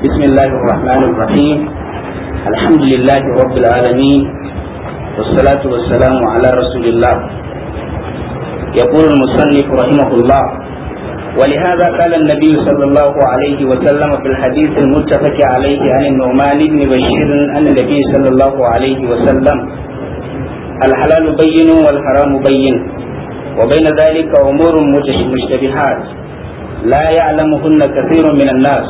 بسم الله الرحمن الرحيم الحمد لله رب العالمين والصلاة والسلام على رسول الله يقول المصنف رحمه الله ولهذا قال النبي صلى الله عليه وسلم في الحديث المتفق عليه عن النعمان بن بشير أن النبي صلى الله عليه وسلم الحلال بين والحرام بين وبين ذلك أمور مشتبهات لا يعلمهن كثير من الناس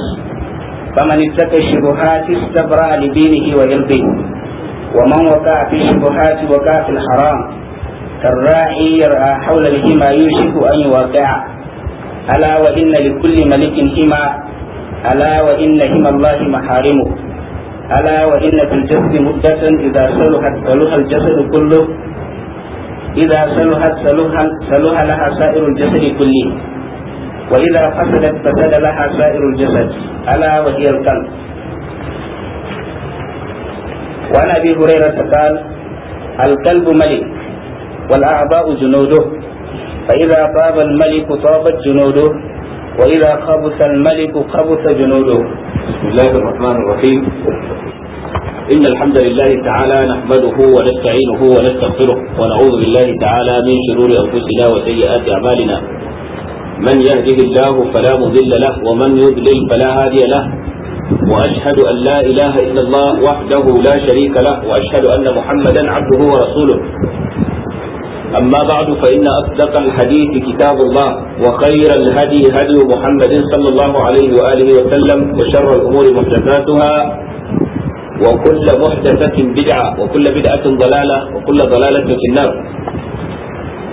فمن اتقى الشبهات استبرأ لدينه وعرضه ومن وقع في الشبهات وقع في الحرام كالراعي يرعى حول الهما يوشك أن يوقع ألا وإن لكل ملك هما ألا وإن هما الله محارمه ألا وإن في الجسد مدة إذا صلحت صلح الجسد كله إذا صلحت صلح, صلح لها سائر الجسد كله وإذا فسدت فسد لها سائر الجسد ألا وهي القلب وعن أبي هريرة قال القلب ملك والأعضاء جنوده فإذا طاب الملك طابت جنوده وإذا خبث الملك خبث جنوده بسم الله الرحمن الرحيم إن الحمد لله تعالى نحمده ونستعينه ونستغفره ونعوذ بالله تعالى من شرور أنفسنا وسيئات أعمالنا من يهده الله فلا مضل له ومن يضلل فلا هادي له واشهد ان لا اله الا الله وحده لا شريك له واشهد ان محمدا عبده ورسوله اما بعد فان اصدق الحديث كتاب الله وخير الهدي هدي محمد صلى الله عليه واله وسلم وشر الامور محدثاتها وكل محدثه بدعه وكل بدعه ضلاله وكل ضلاله في النار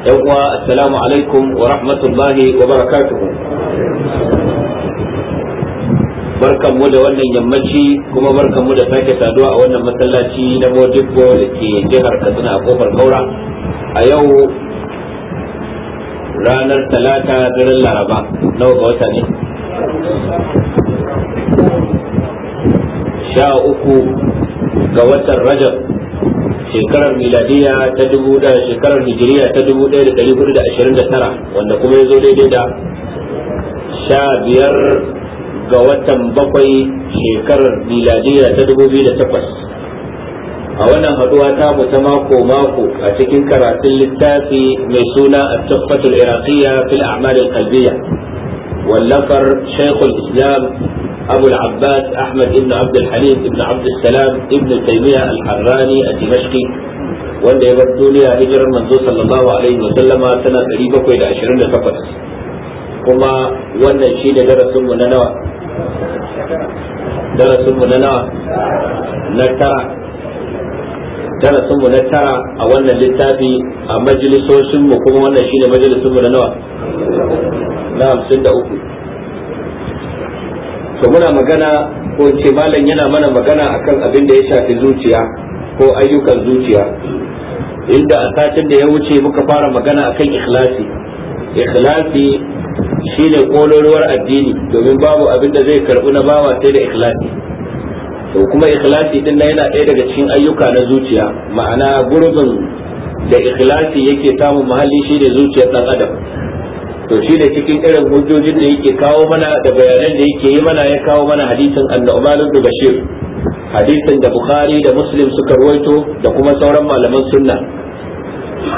yan uwa assalamu alaikum wa rahmatullahi wa barkan mu da wannan yammaci kuma barkan mu da sake saduwa a wannan masallaci na Modibbo da ke jihar Katsina a kofar Kaura a yau ranar talata daren Laraba nawa ga wata ne sha uku ga watan Rajab shekarar miladiya ta dubu da shekarar hijiriya ta dubu ɗaya da ɗari hudu da ashirin da tara wanda kuma ya zo daidai da sha biyar ga watan bakwai shekarar miladiya ta dubu biyu da takwas a wannan haduwa ta mu ta mako mako a cikin karatun littafi mai suna a tuffatul iraqiyya fil a'mal al wallafar shaykhul islam أبو العباس أحمد بن عبد الحليم بن عبد السلام ابن تيمية الحراني الدمشقي wanda ya bar duniya hijirar manzo sallallahu alaihi wa sallama tana 728 kuma wannan shi ne darasin na nawa darasin na nawa na tara darasin na tara a wannan littafi a majalisoshin kuma wannan shi ne majalisin na nawa na uku. to muna magana ko ce malam yana mana magana akan abin da ya shafi zuciya ko ayyukan zuciya inda a satin da ya wuce muka fara magana akan ikhlasi ikhlasi shine kololuwar addini domin babu abin da zai karbu na bawa sai da ikhlasi to kuma ikhlasi din yana ɗaya daga cikin ayyuka na zuciya ma'ana gurbin da ikhlasi yake samun mahalli shi da zuciyar ɗan adam to shi ne cikin irin hujjojin da yake kawo mana da bayanan da yake yi mana ya kawo mana hadisin annu'man ibn bashir hadisin da bukhari da muslim suka ruwaito da kuma sauran malaman sunna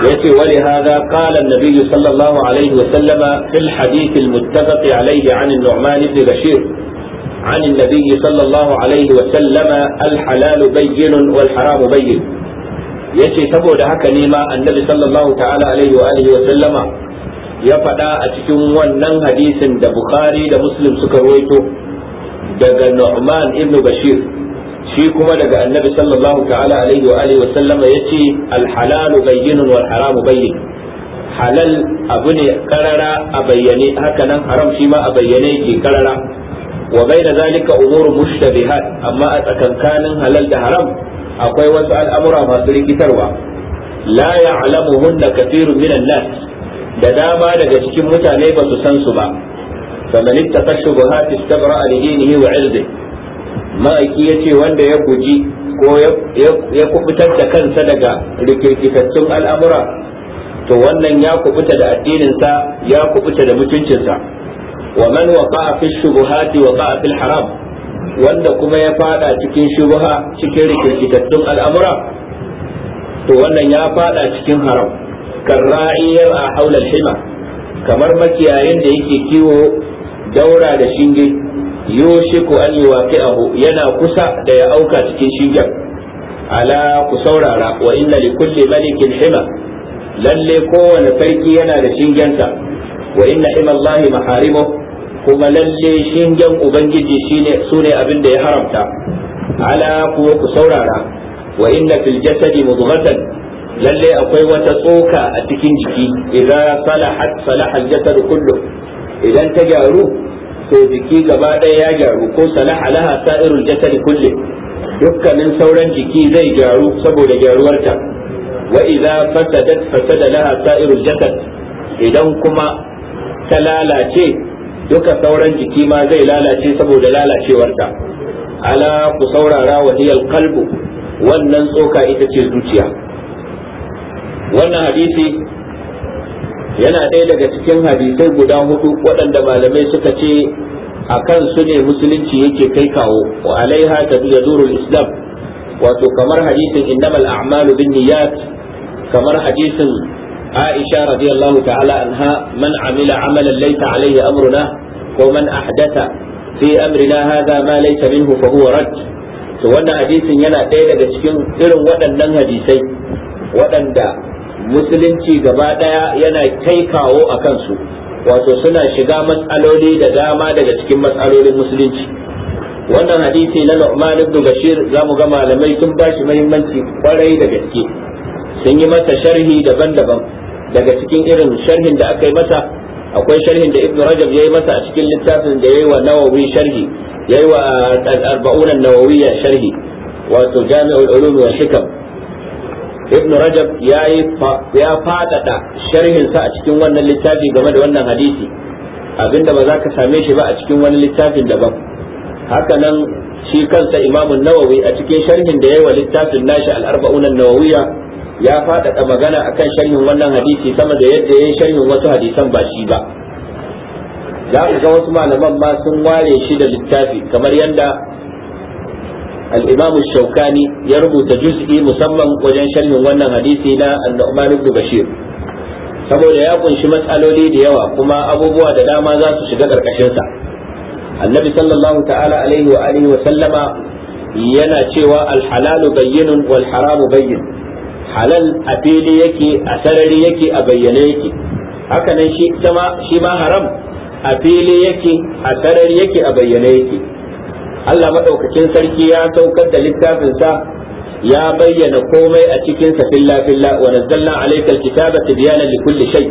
yace wali hada qala an-nabiy sallallahu alaihi wa sallama fil hadith al-muttafaq alaihi an an-nu'man ibn bashir عن النبي صلى الله عليه وسلم الحلال بين والحرام بين يتي تبو ده هكا نيما النبي صلى الله تعالى عليه وآله وسلم ya faɗa a cikin wannan hadisin da bukhari da muslim suka ruwaito daga nu'man ibn bashir shi kuma daga annabi sallallahu ta'ala alaihi wa alihi wa sallama yace al halal bayyinun wal haram bayyin halal abu ne karara a bayyane haka nan haram shi ma a bayyane yake karara wa bayna zalika umur mushtabihat amma a tsakankanin halal da haram akwai wasu al'amura masu rikitarwa la ya'lamuhunna kathirun minan nas da dama daga cikin mutane ba su san su ba faman ittaqa shubuhat istabra li dinihi wa irdi ma'aiki yace wanda ya guji ko ya kubutar da kansa daga rikirkitattun al'amura to wannan ya kubuta da addininsa ya kubuta da mutuncinsa wa man waqa'a fi shubuhati waqa'a fil haram wanda kuma ya fada cikin shubuha cikin rikirkitattun al'amura to wannan ya fada cikin haram karra'iyar a haular hima kamar makiyayin da yake kiwo daura da shinge yoshiku an yi waqi'ahu yana kusa da ya auka cikin shingen ala ku saurara wa inna li kulli malikin hima lalle kowane sarki yana da shingensa wa inna hima Allah maharimu kuma lalle shingen ubangiji shine sune abin da ya haramta ala ku ku saurara wa inna fil jasadi mudghatan lalle akwai wata tsoka a cikin jiki idan salahat salaha jasad kullu idan ta gyaru to jiki gaba ɗaya ya gyaru ko salaha laha sa'irul jasad kullu dukkanin sauran jiki zai gyaru saboda gyaruwarta wa idza fasadat fasada laha sa'irul jasad idan kuma ta lalace duka sauran jiki ma zai lalace saboda lalacewarta ala ku saurara wa qalbu wannan tsoka ita ce zuciya wannan hadisi yana ɗaya daga cikin hadisai guda hudu waɗanda malamai suka ce a kan su ne musulunci yake kai kawo wa alaiha ta yazuru islam wato kamar hadisin innamal a'malu bin kamar hadisin aisha radiyallahu ta'ala anha man amila amalan Laita alaihi amruna ko man ahdatha fi amrina hadha ma laysa minhu fa huwa rad to wannan hadisin yana ɗaya daga cikin irin waɗannan hadisai waɗanda musulunci gaba daya yana kai kawo a kansu wato suna shiga matsaloli da dama daga cikin matsalolin musulunci wannan hadisi na luman ibn Bashir zamu ga malamai sun bashi muhimmanci kwarai da gaske sun yi masa sharhi daban-daban daga cikin irin sharhin da aka yi masa akwai sharhin da Ibn Rajab yi masa a cikin littafin da yi wa Nawawi sharhi yi wa al-Arba'un sharhi wato Jami'ul Ulum wal Hikam ibn rajab ya yi ya fadada sharhin sa a cikin wannan littafi game da wannan hadisi abinda ba za ka same shi ba a cikin wani littafin daban haka nan shi kansa imamu nawawi a cikin sharhin da yayi wa littafin nashi al-arba'un an-nawawiyya ya fadada magana akan sharhin wannan hadisi sama da yadda yayi sharhin wasu hadisan ba shi ba za ku ga wasu malaman ma sun ware shi da littafi kamar yadda al-imam shaukani ya rubuta juz'i musamman wajen sharhin wannan hadisi na an bashir saboda ya ƙunshi matsaloli da yawa kuma abubuwa da dama za su shiga ƙarƙashinsa annabi sallallahu alaihi wa alihi wa sallama yana cewa al-halalu bayyinun wal haramu bayyin halal a fili yake a sarari yake a bayyane yake haka nan shi ma haram a fili yake a sarari yake a bayyane yake Allah maɗaukakin sarki ya saukar da littafinsa ya bayyana komai a cikinsa filla filla wa nazzalna alaykal kitaba tibyana likulli shay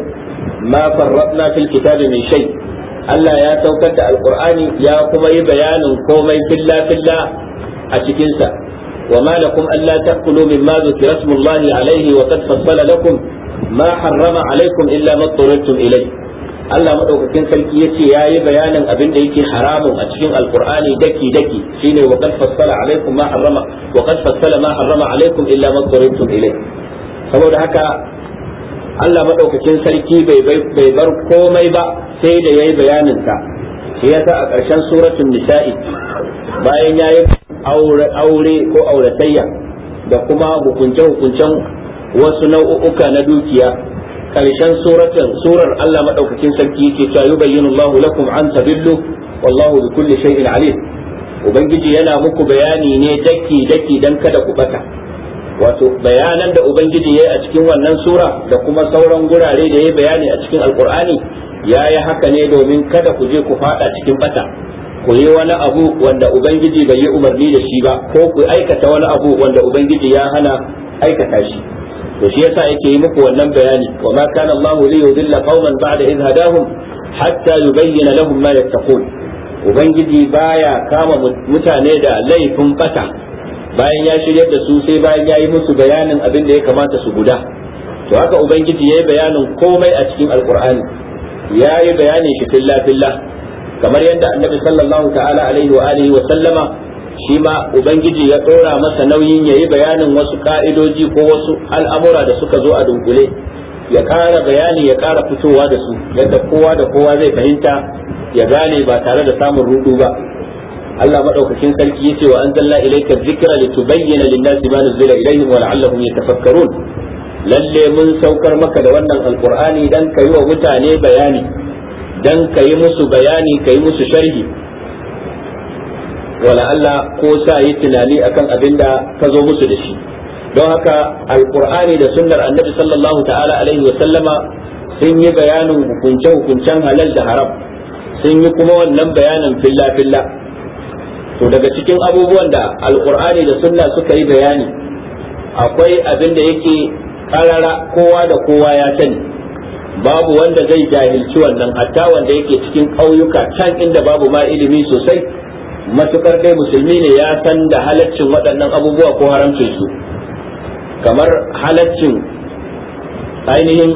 ma farratna fil kitabi min shay Allah ya saukar da alqur'ani ya kuma yi bayanin komai filla filla a cikinsa wa ma lakum alla taqulu mimma dhukira smullahi alayhi wa qad fassala lakum ma harrama alaykum illa ma ilayhi Allah madaukakin sarki yace yayi bayanin abin da yake haramun a cikin alqur'ani daki daki shine wa qad fassala alaikum ma harrama wa qad fassala ma harrama alaikum illa ma darabtum ilayh saboda haka Allah madaukakin sarki bai bai bar komai ba sai da yayi bayanin ta shi yasa a ƙarshen suratul nisa'i bayan yayi aure aure ko auratayya da kuma hukunce hukuncen wasu nau'uka na dukiya karshen suratan surar Allah madaukakin sarki yake cewa yubayyinu lakum an tadillu wallahu bi kulli shay'in alim ubangiji yana muku bayani ne daki daki dan kada ku bata wato bayanan da ubangiji yayi a cikin wannan sura da kuma sauran gurare da yayi bayani a cikin alqur'ani yayi haka ne domin kada ku je ku fada cikin bata ku yi wani abu wanda ubangiji bai yi umarni da shi ba ko ku aikata wani abu wanda ubangiji ya hana aikata shi to shi yasa yake yi muku wannan bayani wa ma kana Allahu li yudilla qauman ba'da idh hadahum hatta yubayyana lahum ma yattaqun ubangiji baya kama mutane da laifin bata bayan ya shiryar da su sai bayan ya yi musu bayanin abin da ya kamata su guda to haka ubangiji ya yi bayanin komai a cikin alkur'ani ya yi bayanin shi filla filla kamar yadda annabi sallallahu ta'ala alaihi wa alihi wa sallama shi ma ubangiji ya ɗora masa nauyin ya yi bayanin wasu ka'idoji ko wasu al'amura da suka zo a dunkule ya ƙara bayani ya ƙara fitowa da su yadda kowa da kowa zai fahimta ya gane ba tare da samun rudu ba Allah madaukakin sarki yace wa anzalna ilayka dhikra litubayyana lin-nasi ma nuzila ilayhim wa la'allahum yatafakkarun lalle mun saukar maka da wannan alqur'ani dan yi wa mutane bayani dan kai musu bayani yi musu sharhi wala Allah ko sa yi tunani akan abin da ka zo musu da shi don haka alqur'ani da sunnar annabi sallallahu ta'ala alaihi wa sallama sun yi bayanin hukunce hukuncen halal da haram sun yi kuma wannan bayanin filla filla to daga cikin abubuwan da alqur'ani da sunna suka yi bayani akwai abin da yake karara kowa da kowa ya sani babu wanda zai jahilci wannan hatta wanda yake cikin ƙauyuka can inda babu ma ilimi sosai matukar dai musulmi ne ya san da halaccin waɗannan abubuwa ko haramcin su kamar halaccin ainihin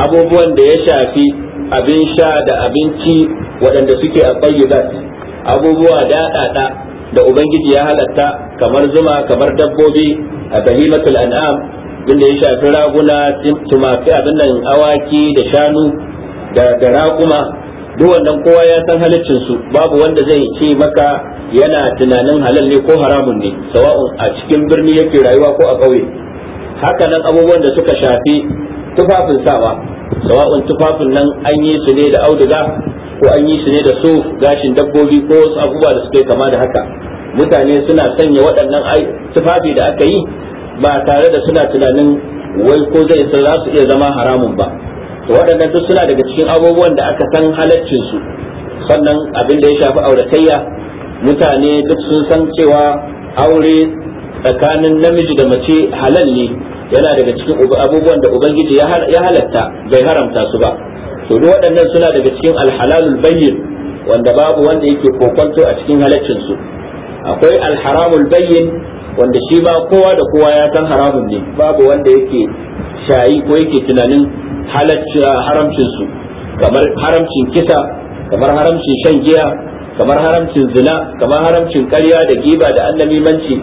abubuwan da ya shafi abin sha da abinci waɗanda suke a abubuwa daɗaɗa da ubangiji ya halatta kamar zuma kamar dabbobi a bahimatul an'am inda ya shafi raguna tumaki abin nan awaki da shanu da raƙuma duk wannan kowa ya san halaccin su babu wanda zai ce maka yana tunanin halal ne ko haramun ne sawa'un a cikin birni yake rayuwa ko a ƙauye hakanan abubuwan da suka shafi tufafin sawa sawa'un tufafin nan an yi su ne da auduga ko an yi su ne da su gashin dabbobi ko wasu abubuwa da suke kama da haka mutane suna sanya waɗannan tufafi da aka yi ba tare da suna tunanin wai ko zai za su iya zama haramun ba to waɗannan duk suna daga cikin abubuwan da aka san halaccin su sannan abin da ya shafi auratayya mutane duk sun san cewa aure tsakanin namiji da mace halal ne yana daga cikin abubuwan da ubangiji ya halatta bai haramta su ba to duk waɗannan suna daga cikin alhalalul bayyin wanda babu wanda yake kokonto a cikin halaccin su akwai alharamul bayyin wanda shi ba kowa da kowa ya san haramun ne babu wanda yake shayi ko yake tunanin halacci ah, haramcin su kamar haramcin kisa kamar haramcin shan giya kamar haramcin zina kamar haramcin karya da giba da annamimanci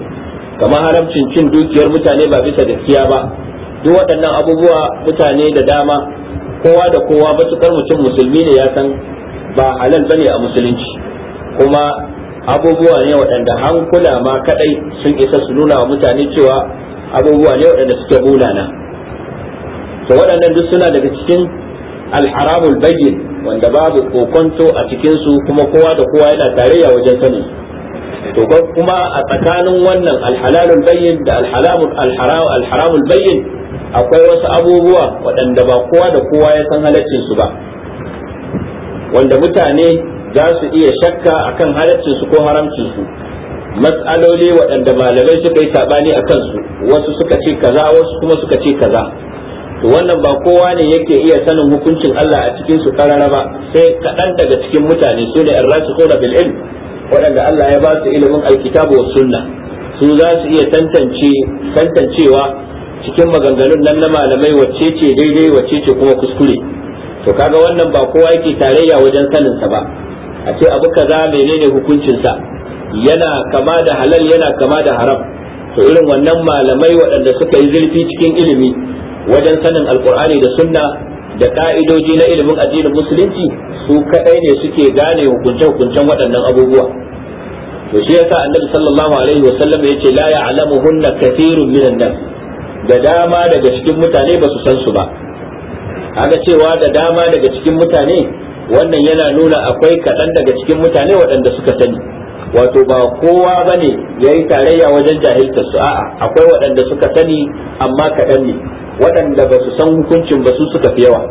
kamar haramcin cin dukiyar mutane ba bisa gaskiya ba duk waɗannan abubuwa mutane da dama kowa da kowa matukar mutum musulmi ne ya san ba halal bane a musulunci kuma abubuwa ne waɗanda hankula ma kaɗai sun isa su nuna wa mutane cewa abubuwa ne waɗanda suke na. to waɗannan duk suna daga cikin alharamul bayyin wanda babu kokonto a cikin su kuma kowa da kowa yana tarayya wajen sanin to kuma a tsakanin wannan alhalalul bayyin da alharamul alharamul bayyin akwai wasu abubuwa waɗanda ba kowa da kowa ya san halaccin su ba wanda mutane za su iya shakka akan halaccin su ko haramcin su waɗanda malamai suka yi saɓani a kansu wasu suka ce kaza wasu kuma suka ce kaza to wannan ba kowa ne yake iya sanin hukuncin Allah a cikin su karara ba sai kaɗan daga cikin mutane su ne ar-rasikhuna bil ilm waɗanda Allah ya ba su ilimin alkitabu was sunna su za su iya tantance tantancewa cikin maganganun nan na malamai wacce ce daidai wacce ce kuma kuskure to kaga wannan ba kowa yake tarayya wajen sanin sa ba a ce abu kaza menene hukuncin sa yana kama da halal yana kama da haram to irin wannan malamai waɗanda suka yi zurfi cikin ilimi wajen sanin alkur'ani da sunna da ka'idoji na ilimin addinin musulunci su kadai ne suke gane hukunce hukuncen waɗannan abubuwa to shi yasa annabi sallallahu alaihi wasallam yace la ya'lamuhunna kathirun minan nas da dama daga cikin mutane ba su san su ba aga cewa da dama daga cikin mutane wannan yana nuna akwai kaɗan daga cikin mutane waɗanda suka sani wato ba kowa bane yayi tarayya wajen jahiltar su a'a akwai waɗanda suka sani amma kaɗan ne waɗanda ba su san hukuncin ba su suka fi yawa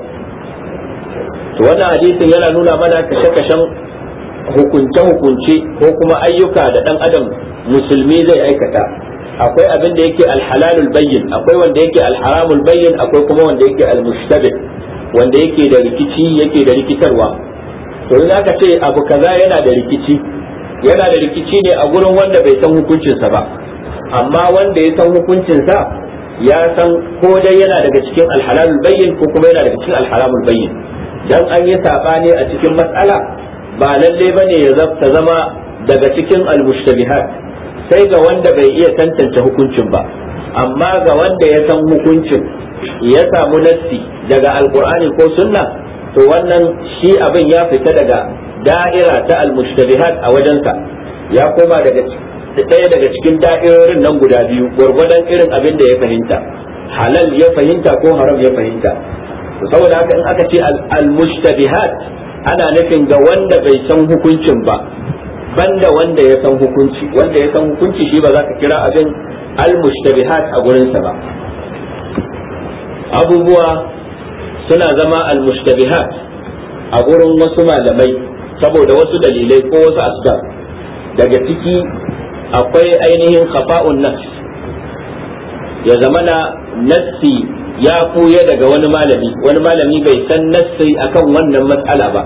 to wannan hadisin yana nuna mana kashe-kashen hukunce-hukunce ko kuma ayyuka da ɗan adam musulmi zai aikata akwai abin da yake alhalalul bayyin akwai wanda yake alharamul bayyin akwai kuma wanda yake almushtabih wanda yake da rikici yake da rikitarwa to in aka ce abu kaza yana da rikici yana da rikici ne a gurin wanda bai san hukuncinsa ba amma wanda ya san hukuncinsa ya san ko dai yana daga cikin alhalalul bayyin ko kuma yana daga cikin alharamul bayyin dan an yi sabani a cikin matsala ba lalle bane ya zafta zama daga cikin almustabihat sai ga wanda bai iya tantance hukuncin ba amma ga wanda ya san hukuncin ya samu nassi daga alqur'ani ko sunna to wannan shi abin ya fita daga da'ira ta almustabihat a wajensa ya koma daga da ɗaya daga cikin da'irorin nan guda biyu gwargwadon irin abin da ya fahimta halal ya fahimta ko haram ya fahimta saboda haka in aka ce al mustabihat ana nufin ga wanda bai san hukuncin ba banda wanda ya san hukunci wanda ya san hukunci shi ba za ka kira abin al mustabihat a gurinsa ba abubuwa suna zama al mustabihat a gurin wasu malamai saboda wasu dalilai ko wasu asbab daga ciki akwai ainihin khafa'un nafs ya zamana nassi ya koya daga wani malami wani malami bai san nassi akan wannan matsala ba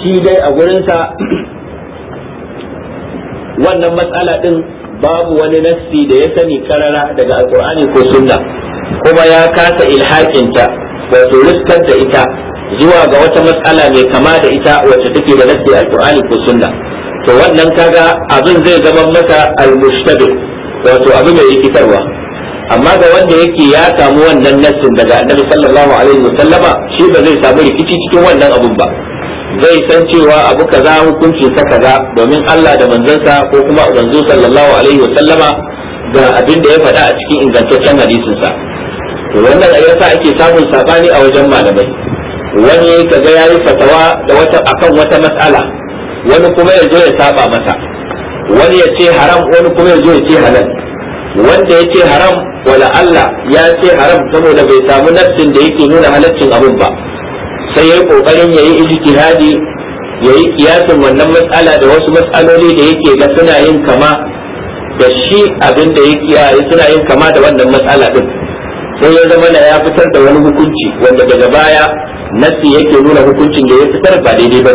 shi dai a gurinsa wannan matsala din babu wani nassi da ya sani karara daga alkur'ani ko sunna kuma ya kasa ilhaƙinta wato riskar da ita zuwa ga wata matsala mai kama da ita wacce take da nassi alkur'ani ko sunna to wannan kaga abin zai zama masa almustabi wato abu mai rikitarwa amma ga wanda yake ya samu wannan nassin daga annabi sallallahu alaihi wasallama shi ba zai samu rikici cikin wannan abun ba zai san cewa abu kaza hukunci ta kaza domin Allah da manzansa ko kuma manzo sallallahu alaihi wasallama ga abin da ya faɗa a cikin ingantaccen hadisinsa to wannan yasa ake samun sabani a wajen malamai wani kaga yayi fatawa da wata akan wata mas'ala wani kuma ya zo ya saba masa wani ya ce haram wani kuma ya zo ya ce halal wanda ya ce haram wala Allah ya ce haram saboda bai samu nafsin da yake nuna halaccin abin ba sai ya yi kokarin ya yi ijtihadi ya yi kiyasin wannan matsala da wasu matsaloli da yake ga suna yin kama da shi abin da yake suna yin kama da wannan matsala din sai ya zama ya fitar da wani hukunci wanda daga baya nasi yake nuna hukuncin da ya fitar ba daidai ba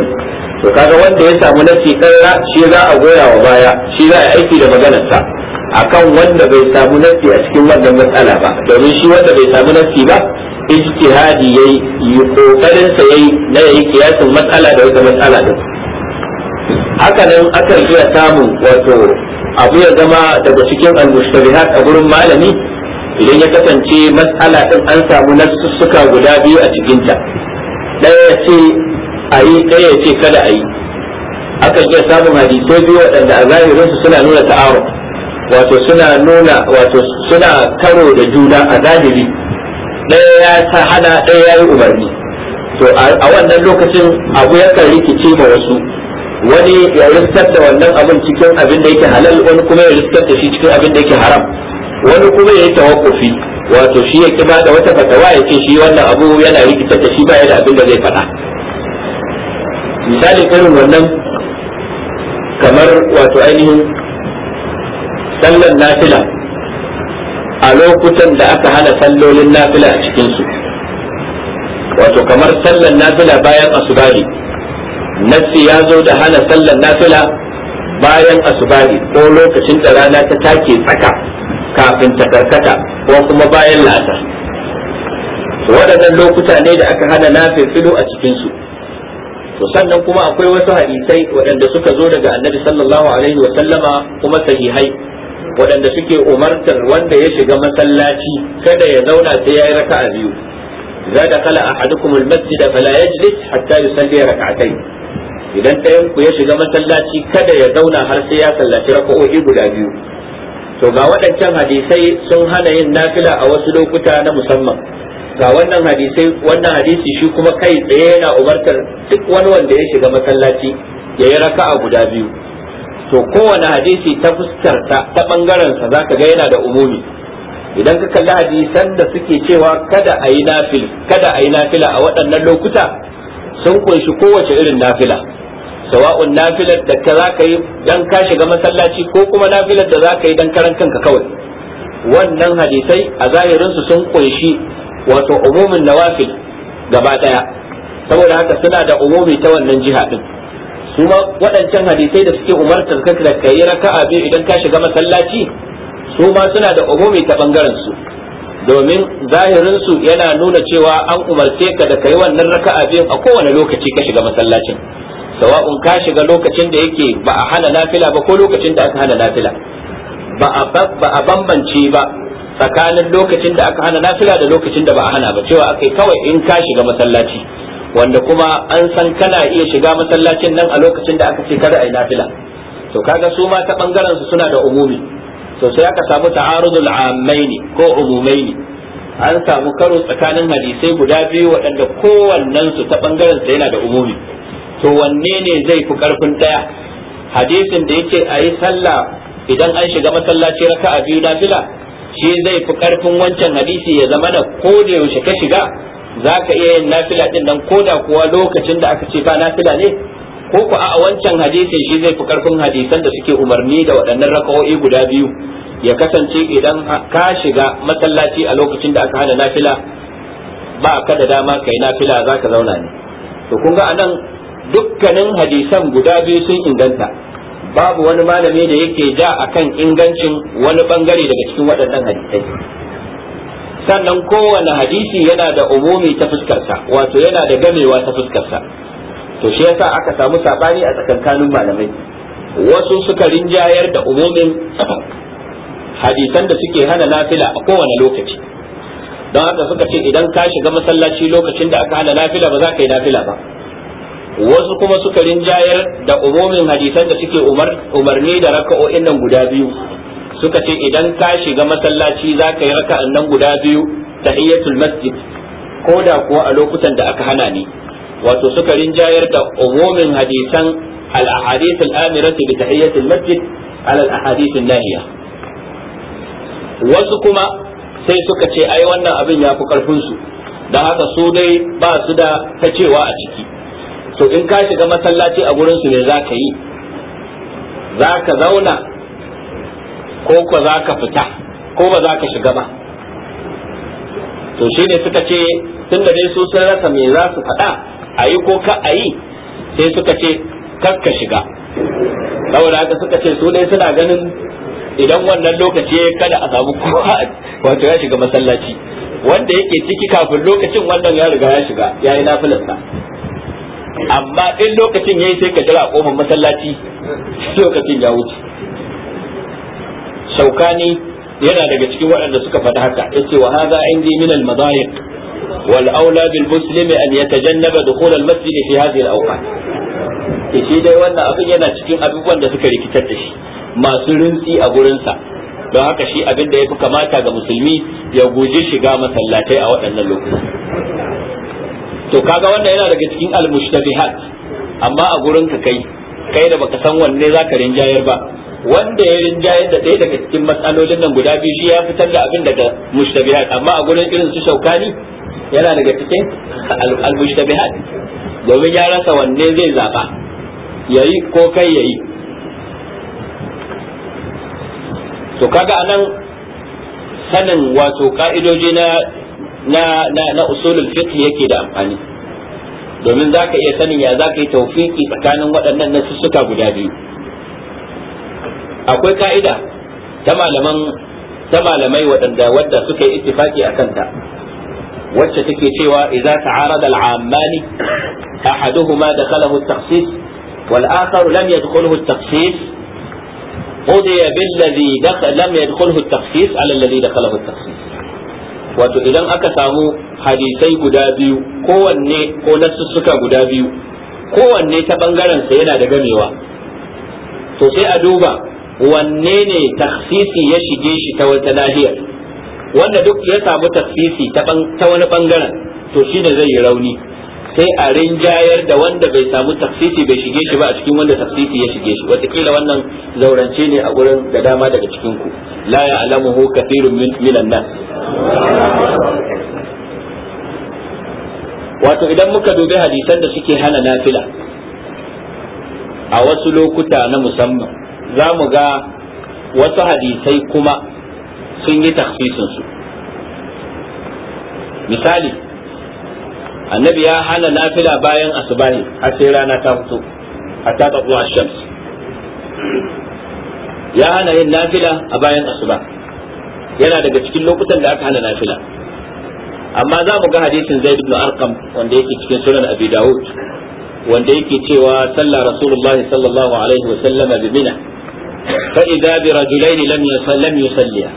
to kaga wanda ya samu nasi karra shi za a goya wa baya shi za a aiki da maganarsa akan wanda bai samu nafi a cikin wannan matsala ba domin shi wanda bai samu nasi ba ijtihadi yayi kokarin sa yayi na yayi kiyasin matsala da wata matsala din haka nan akan iya samun wato abu ya zama daga cikin al-mustabihat a gurin malami idan ya kasance matsala din an samu nasussuka guda biyu a cikinta ɗaya ya ce a yi ɗaya ce kada a yi akan iya samun hadisai biyu waɗanda a zahirinsu suna nuna ta'aruf wato suna nuna wato suna karo da juna a zahiri ɗaya ya sa hana ɗaya ya yi umarni to a wannan lokacin abu ya kan rikice ma wasu wani ya riskar da wannan abin cikin abin da yake halal wani kuma ya riskar da shi cikin abin da yake haram wani kuma ya yi tawakkufi wato shi ya kiba da wata fatawa ya ce shi wannan abu yana rikita da shi baya da abin da zai faɗa misali karin wannan kamar wato ainihin sallar nafila a lokutan da aka hana sallolin nafila a cikinsu wato kamar sallar nafila bayan asubari nassi ya zo da hana sallar nafila bayan asubari ko lokacin da rana ta take tsaka kafin ta karkata ko kuma bayan la'asar waɗannan lokuta ne da aka hana nafe filo a cikinsu to sannan kuma akwai wasu hadisai waɗanda suka zo daga annabi sallallahu alaihi wa sallama kuma sahihai waɗanda suke umartar wanda ya shiga masallaci kada ya zauna sai ya yi raka'a biyu idza dakala ahadukum almasjid fala yajlis hatta yusalli rak'atayn idan ɗayan ku ya shiga masallaci kada ya zauna har sai ya sallaci raka'o'i guda biyu to ga waɗancan hadisai sun hana yin nafila a wasu lokuta na musamman ga wannan hadisai wannan hadisi shi kuma kai tsaye yana umartar duk wani wanda ya shiga masallaci ya yi raka'a guda biyu to kowane hadisi ta fuskar ta bangaren sa zaka ga yana da umumi idan ka kalli hadisan da suke cewa kada a yi nafil kada a yi nafila a waɗannan lokuta sun kunshi kowace irin nafila sawa'un nafilar da ka zaka yi dan ka shiga masallaci ko kuma nafilar da zaka yi dan karan kanka kawai wannan hadisai a zahirin su sun kunshi wato umumin nawafil gaba daya saboda haka suna da umumi ta wannan jiha din su ma waɗancan hadisai da suke umartar kanka da kai raka'a biyu idan ka shiga masallaci su ma suna da umumi ta bangaren su domin zahirin su yana nuna cewa an umarce ka da kai wannan raka'a biyun a kowane lokaci ka shiga masallacin sawa'un ka shiga lokacin da yake ba a hana nafila ba ko lokacin da aka hana nafila ba a bambance ba tsakanin lokacin da aka hana nafila da lokacin da ba a hana ba cewa akai kawai in ka shiga masallaci wanda kuma an san kana iya shiga masallacin nan a lokacin da aka ce kada ai nafila to kaga su ma ta bangaren su suna da umumi to sai aka samu ta'arudul ammaini ko umumaini an samu karo tsakanin hadisai guda biyu waɗanda kowannen su ta bangaren sa yana da umumi to wanne ne zai fi karfin daya hadisin da yake ayi sallah idan an shiga masallaci raka'a biyu nafila shi zai fi karfin wancan hadisi ya zama da ko da yaushe ka shiga za ka iya yin nafila din nan ko da kuwa lokacin da aka ce ba nafila ne ko ku a wancan hadisin shi zai fi karfin hadisan da suke umarni da waɗannan raka'o'i guda biyu ya kasance idan ka shiga masallaci a lokacin da aka hana nafila ba ka da dama ka yi nafila za ka zauna ne to kun ga anan dukkanin hadisan guda biyu sun inganta babu wani malami da yake ja akan ingancin wani bangare daga cikin waɗannan hadisai sannan kowane hadisi yana da umumi ta fuskarsa wato yana da gamewa ta fuskarsa to shi yasa aka samu sabani a tsakankanin malamai wasu suka rinjayar da umumin hadisan da suke hana nafila a kowane lokaci don haka suka ce idan ka shiga masallaci lokacin da aka hana nafila ba za ka yi nafila ba wasu kuma suka rinjayar da umumin hadisan da suke umarni da raka'o'in nan guda biyu suka ce idan ka shiga masallaci za ka yi raka'an nan guda biyu tahiyyatul masjid ko da kuwa a lokutan da aka hana ni, wato suka rinjayar da umumin hadisan al-ahadith al-amirati bi tahiyatul masjid ala al-ahadith an-nahiya wasu kuma sai suka ce ai wannan abin ya fi karfin su dan haka su dai ba su da ta cewa a ciki to in ka shiga masallaci a gurin su ne za ka yi za ka zauna ko ko za ka fita ko ba za ka shiga ba to shi ne suka ce tun da dai su sun rasa me za su faɗa a yi ko ka a yi sai suka ce kar ka shiga saboda haka suka ce su ne suna ganin idan wannan lokaci kada a samu kowa wato ya shiga masallaci wanda yake ciki kafin lokacin wannan ya riga ya shiga ya yi nafilarsa amma in lokacin yayi sai ka jira a kofar masallaci lokacin ya wuce shaukani yana daga cikin waɗanda suka faɗi haka ce wa hadha indi min al madayiq wal aula bil muslimi an yatajannaba dukhul al masjid fi hadhihi al awqat shi dai wannan abin yana cikin abubuwan da suka rikitar da shi masu rintsi a gurinsa don haka shi abin da ya fi kamata ga musulmi ya guji shiga masallatai a waɗannan lokuta to kaga wannan yana daga cikin almustabihat amma a gurin ka kai kai da baka san wanne zaka rinjayar ba wanda ya rinjayar da ɗaya daga cikin matsalolin nan guda biyu shi ya fitar da abin daga mustabihat amma a gurin irin su shaukani yana daga cikin almustabihat domin ya rasa wanne zai zaba yayi ko kai yayi to kaga anan sanin wato ka'idoji na na na na usulul fiqh yake da amfani domin zaka iya sanin ya zaka yi tawfiki tsakanin waɗannan nasussuka guda biyu akwai ka'ida ta malaman ta malamai waɗanda wadda suka yi ittifaki akan ta wacce take cewa idza ta'arada al-ammani ahaduhuma dakhalahu at-takhsis wal akhar lam yadkhulhu at-takhsis قضي بالذي دخل لم يدخله التخصيص على الذي دخله التخصيص wato idan aka samu hadisai guda biyu kowanne ko nasussuka guda biyu kowanne ta bangaren sa yana da gamewa to sai a duba wanne ne taksisi ya shige shi ta wata lahiyar wanda duk ya samu taksisi ta wani bangaren to shi ne zai yi rauni sai a rinjayar da wanda bai samu tafsisi bai shige shi ba a cikin wanda tafsisi ya shige shi wataƙila wannan zaurance ne a gurin da dama daga cikin ku la كثير من min الناس wato idan muka dubi hadisan da suke hana nafila a wasu lokuta na musamman za mu ga wasu hadisai kuma sun yi su misali annabi ya hana nafila bayan asubahi har sai rana ta fito a ta shams ya hana yin nafila a bayan asuba yana daga cikin lokutan da aka hana nafila amma za mu ga hadisin zaid ibn arqam wanda yake cikin sunan abi daud wanda yake cewa sallah rasulullahi sallallahu alaihi wa sallama bi mina fa idza bi rajulaini lam yusallam yusalliya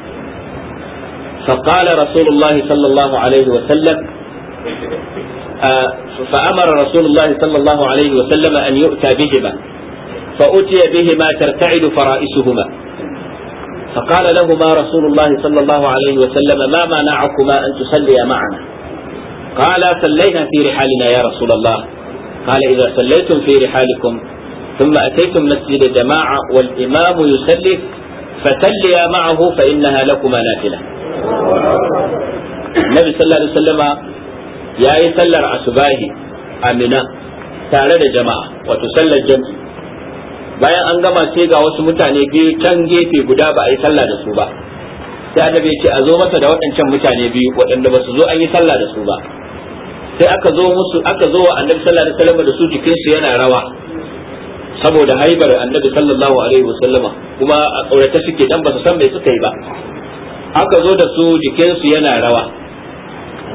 فقال رسول الله صلى الله عليه وسلم فأمر رسول الله صلى الله عليه وسلم أن يؤتى بهما فأتي بهما ترتعد فرائسهما فقال لهما رسول الله صلى الله عليه وسلم ما منعكما أن تصليا معنا قال صلينا في رحالنا يا رسول الله قال إذا صليتم في رحالكم ثم أتيتم مسجد الجماعة والإمام يصلي فسليا معه فإنها لكما نافلة النبي صلى الله عليه وسلم يا يسلر أسباهي أمنا تعالى جماعة وتسلى wato bayan an gama sai ga wasu mutane biyu can gefe guda ba a yi sallah da su ba sai annabi ya ce a zo masa da waɗancan mutane biyu waɗanda ba su zo an yi sallah da su ba sai aka zo musu aka zo wa annabi sallallahu alaihi wasallam da su jikin su yana rawa saboda haibar annabi sallallahu alaihi wasallama kuma a kaurata suke dan ba su san me suka yi ba aka zo da su jikin su yana rawa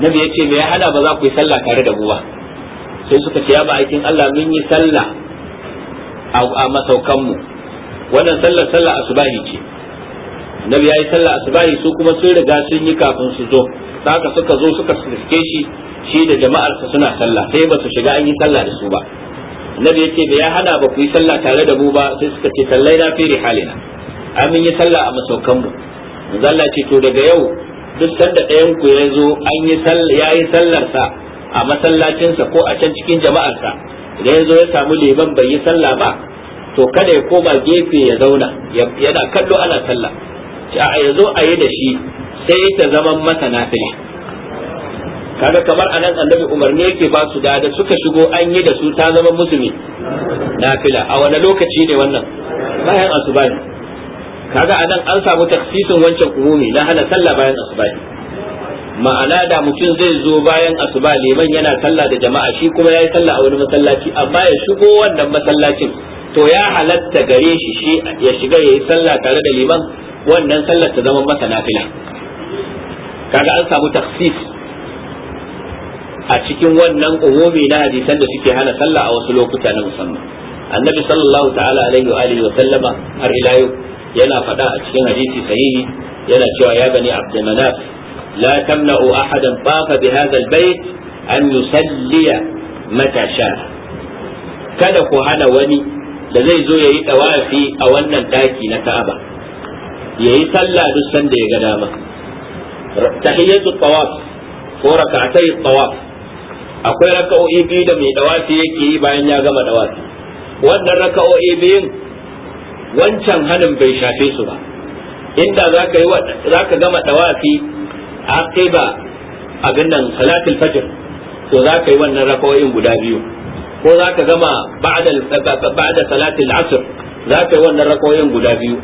annabi ya ce me ya hada ba za ku yi sallah tare da mu ba sai suka ce ya ba aikin Allah mun yi sallah a masaukanmu wannan sallar sallar asubahi ce nabi ya yi sallar asubahi su kuma sun riga sun yi kafin su zo haka suka zo suka suke shi shi da jama'arsa suna sallah sai ba su shiga an yi sallah da su ba ya yace bai ya hana ba ku yi sallah tare da mu ba sai suka ce sallai na firi halina amin yi sallah a masaukan mu ce to daga yau duk sanda ɗayan ku ya zo an yi sallah ya yi sallar a masallacinsa ko a can cikin jama'arsa da ya zo ya samu liman bai yi sallah ba to kada ya koma gefe ya zauna yana kallo ana sallah a ya zo a yi da shi sai ta zama masa nafila kaga kamar anan annabi umarni yake ba su da suka shigo an yi da su ta zama musulmi nafila a wani lokaci ne wannan bayan asubani kaga anan an samu taksisin wancan umumi na hana sallah bayan asubari. ma'ana da mutum zai zo bayan asuba liman yana sallah da jama'a shi kuma yayi sallah a wani masallaci amma ya shigo wannan masallacin to ya halatta gare shi shi ya shiga yayi sallah tare da liman wannan sallar ta zama masa nafila kaga an samu taksis a cikin wannan umumi na hadisan da suke hana sallah a wasu lokuta na musamman annabi sallallahu ta'ala alaihi wa alihi wa sallama har ila yau yana faɗa a cikin hadisi sahihi yana cewa ya bani manaf لا تمنعوا أحدا طاف بهذا البيت أن يصلي متى شاء kada ku hana wani da zai zo ya yi tawafi a wannan ɗaki na ka'aba ya yi sallah duk sanda ya ga dama tahiyyatu tawaf ko raka'atai tawaf akwai raka'o'i biyu da mai tawafi yake yi bayan ya gama tawafi wannan raka'o'i biyun wancan hanin bai shafe su ba inda za ka gama tawafi ba abin nan salatul fajr to za ka yi wannan rakawoyin guda biyu ko za ka gama ba'da salatul asr za ka yi wannan rakawoyin guda biyu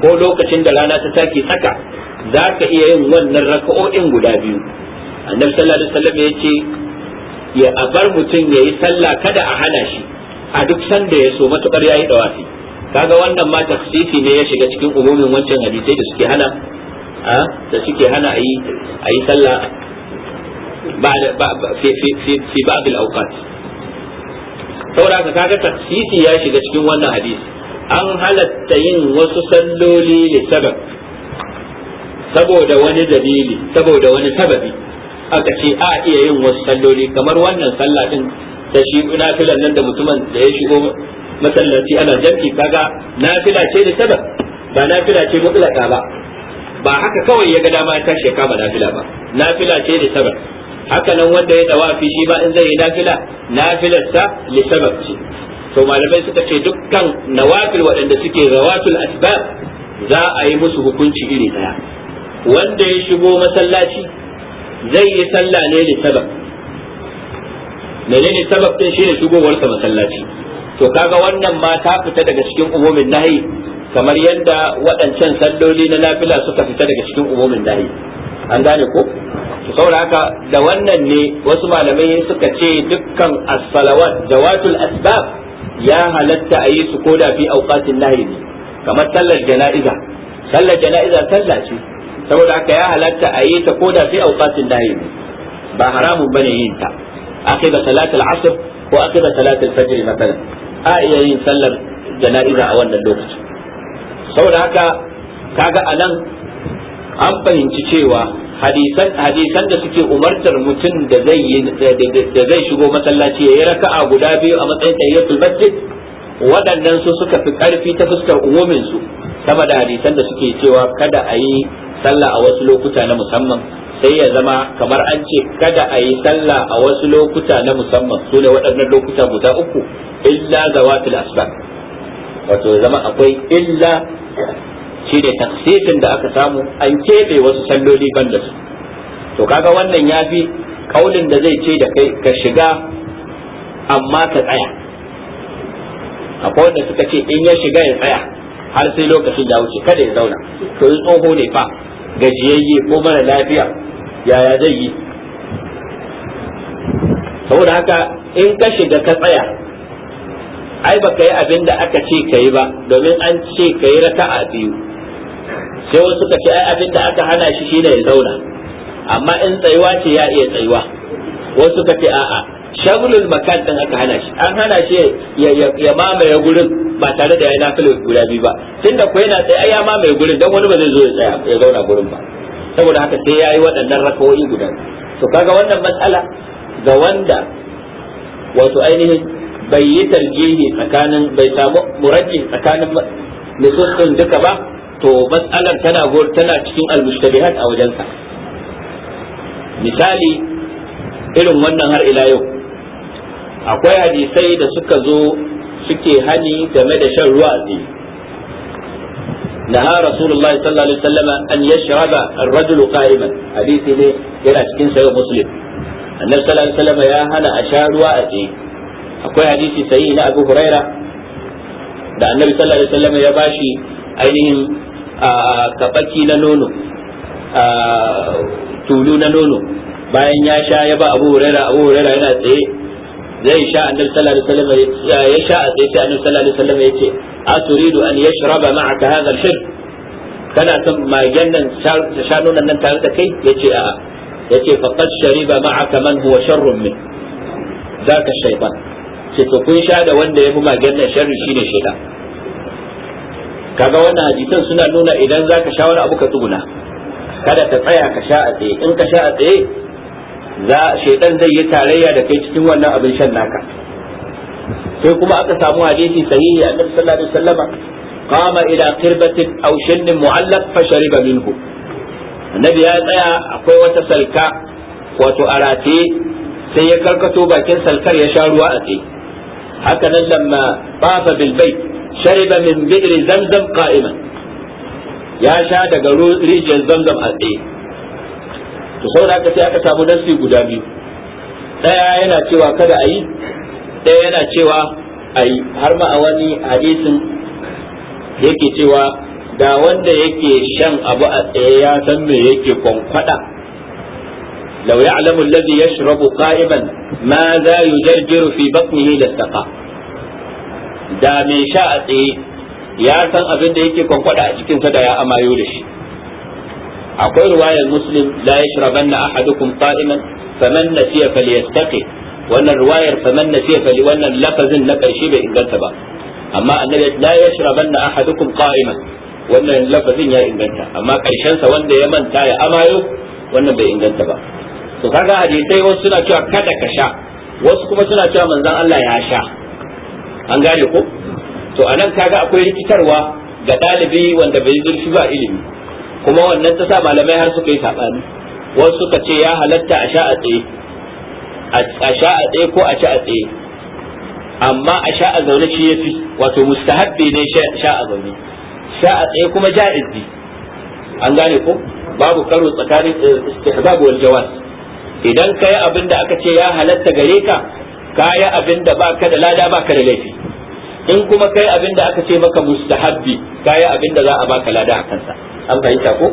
ko lokacin da rana ta take tsaka za ka iya yin wannan raka'o'in guda biyu annabi sallallahu alaihi wasallam ya ce ya abar mutum yayi yi sallah kada a hana shi a duk sanda ya so matukar yayi yi dawafi kaga wannan ma tafsiri ne ya shiga cikin umumin wancan hadisai da suke hana da suke hana a yi sallah fi ba al-awqat saboda haka kaga tafsiri ya shiga cikin wannan hadisi an halatta yin wasu salloli ne sabab saboda wani dalili saboda wani sababi aka ce a iya yin wasu salloli kamar wannan sallah din da shi nafilan nan da mutumin da ya shigo masallaci ana jam'i kaga nafila ce da sabab ba nafila ce mutlaka ba ba haka kawai ya ga dama ya tashi ya kama nafila ba nafila ce da sabab haka nan wanda ya tawafi shi ba in zai yi nafila nafilar sa li sabab ce to malamai suka ce dukkan nawafil waɗanda suke rawatul asbab za a yi musu hukunci iri daya wanda ya shigo masallaci zai yi sallah ne li sabab menene sabab din shine shigowarsa masallaci to kaga wannan ma ta fita daga cikin umumin nahi kamar yadda waɗancan salloli na nafila suka fita daga cikin umumin nahi an gane ko su saboda haka da wannan ne wasu malamai suka ce dukkan as-salawat zawatul asbab ya halatta a yi su koda fi auqatin nahi ne kamar sallar jana'iza sallar jana'iza sallah ce saboda haka ya halatta a yi ta koda fi auqatin nahi ne ba haramun bane yin ta akida salatul asr ko akida salatul fajr masalan a iya yin sallar jana'iza a wannan lokacin saboda haka kaga anan an fahimci cewa hadisan da suke umartar mutum da zai masallaci shigo masallaci yayi raka'a guda biyu a matsayin tahiyatul masjid waɗannan su suka fi ƙarfi ta fuskar umumin su sama da hadisan da suke cewa kada a yi sallah a wasu lokuta na musamman sai ya zama kamar an ce kada a yi sallah a wasu lokuta na musamman su ne waɗannan lokuta guda uku illa zawatul asbab wato ya zama akwai illa shi ne taksisin da aka samu an keɓe wasu salloli ban da su to kaga wannan ya fi kaulin da zai ce da kai ka shiga amma ka tsaya akwai wanda suka ce in ya shiga ya tsaya har sai lokacin ya wuce kada ya zauna to in tsoho ne fa gajiyayye ko mara lafiya yaya zai yi saboda haka in ka shiga ka tsaya ai ba ka yi abin da aka ce ka yi ba domin an ce ka yi a biyu sai wasu suka ce ai abin da aka hana shi shine ya zauna amma in tsayuwa ce ya iya tsayuwa wasu suka ce a'a shagulul makan din aka hana shi an hana shi ya mamaye gurin ba tare da ya nafila guda biyu ba tunda ko yana tsaye ya mamaye gurin dan wani ba zai zo ya tsaya ya zauna gurin ba saboda haka sai yayi waɗannan rakawoyi guda to kaga wannan matsala ga wanda wato ainihin bai yi tarjihi tsakanin bai samu murajjih tsakanin nususun duka ba to matsalar tana tana cikin almustabihat a wajensa misali irin wannan har ila yau akwai hadisai da suka zo suke hani game da shan ruwa a نهى رسول الله صلى الله عليه وسلم أن يشرب الرجل قائما حديث ليه يلا cikin سيد مسلم النبي صلى الله عليه وسلم يا هلا أشار وأتي akwai hadisi sahihi na Abu Huraira da Annabi sallallahu alaihi wasallam ya bashi ainihin kabaki na nono tulu na nono bayan ya sha ya ba Abu Huraira Abu Huraira yana tsaye zai sha Annabi sallallahu alaihi wasallam ya sha a tsaye sai Annabi sallallahu alaihi wasallam ya ce aturidu an yashraba ma'aka hadha al kana son magen nan ta sha nonon nan tare da kai yace a'a yace faqad shariba ma'aka man huwa sharrun min zaka shaytan ce to kun sha da wanda ya fi magen nan sharri shine Ka kaga wannan hadisan suna nuna idan zaka sha wani abu ka tsuguna kada ta tsaya ka sha a tsaye in ka sha a tsaye za zai yi tarayya da kai cikin wannan abin shan naka sai kuma aka samu hadisi sahihi annabi sallallahu alaihi wasallama qama ila qirbatin aw shannin mu'allaq fa shariba minhu annabi ya tsaya akwai wata salka wato arate sai ya karkato bakin salkar ya sha ruwa a tsaye haka nan lamma tafa bil bait shariba min bi'ri zamzam qa'iman ya sha daga rijiyar zamzam a tsaye to saboda haka sai aka samu nasi guda biyu daya yana cewa kada a yi yana cewa a har ma a wani hadisin yake cewa da wanda yake shan abu a tsaye ya san me yake kwankwaɗa. لو يعلم الذي يشرب قائما ماذا يجرجر في بطنه لاستقى da mai sha a tsaye ya san abin da yake kwankwada a cikinsa da ya amayo da shi akwai ruwayar muslim la yashrabanna ahadukum qa'iman faman nasiya falyastaqi wannan ruwayar faman nasiya fali wannan lafazin na karshe bai inganta ba amma annabi la yashrabanna ahadukum qa'iman wannan lafazin ya inganta amma karshen sa wanda ya manta ya amayo wannan bai inganta ba to kaga hadisai wasu suna cewa kada ka sha wasu kuma suna cewa manzon Allah ya sha an gane ko to anan kaga akwai rikitarwa ga dalibi wanda bai zurfi ba ilimi kuma wannan ta sa malamai har suka yi sabani wasu suka ce ya halatta a sha a tsaye a sha a tsaye ko a ci a tsaye amma a sha a zaune shi yafi wato mustahabbi ne sha a zaune sha a tsaye kuma ja'izi an gane ko babu karo tsakanin eh, istihbab wal jawaz idan ka yi abin da aka ce ya halatta gare ka ka yi abin da ba ka da lada ba ka da laifi in kuma kai abin da aka ce maka mustahabbi ka yi abin da za a baka lada a kansa an fahimta ko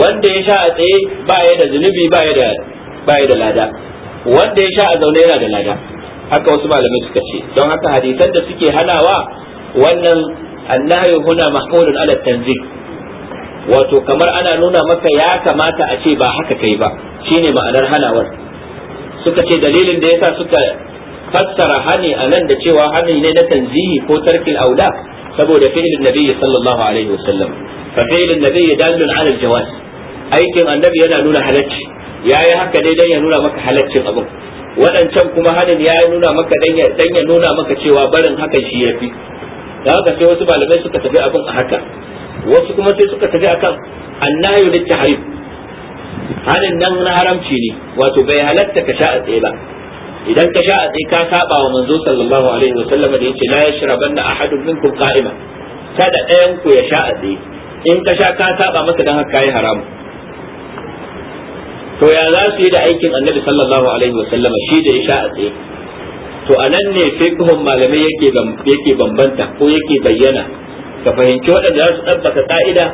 wanda ya sha a tsaye ba ya da zunubi ba ya da ba ya da lada wanda ya sha a zaune yana da lada haka wasu malamai suka ce don haka hadisan da suke halawa wannan annahu huna mahmudun ala tanzih wato kamar ana nuna maka ya kamata a ce ba haka kai ba shine ma'anar hanawar suka ce dalilin da yasa suka fassara hani a nan da cewa hani ne na tanzihi ko tarkil aula saboda fi'ilin nabiyyi sallallahu alaihi wasallam fa fi'ilin nabiyyi dalilun ala jawas aikin annabi yana nuna halacci yayi haka dai dan ya nuna maka halaccin abin waɗancan kuma hanin ya nuna maka dan ya nuna maka cewa barin hakan shi yafi da haka sai wasu malamai suka tafi abin a haka wasu kuma sai suka tafi akan annahu lit tahrim hanin nan na haramci ne wato bai halatta ka sha a tsaye ba idan ka sha a tsaye ka saba wa manzo sallallahu alaihi wa sallam da yace la yashrabanna ahadun minkum qa'ima kada ɗayan ku ya sha a tsaye in ka sha ka saba masa dan haka yi haramu to ya za su yi da aikin annabi sallallahu alaihi wa sallam shi da ya sha a tsaye to anan ne fiqhun malamai yake yake bambanta ko yake bayyana ka fahimci waɗanda za su ɗabbaka ka'ida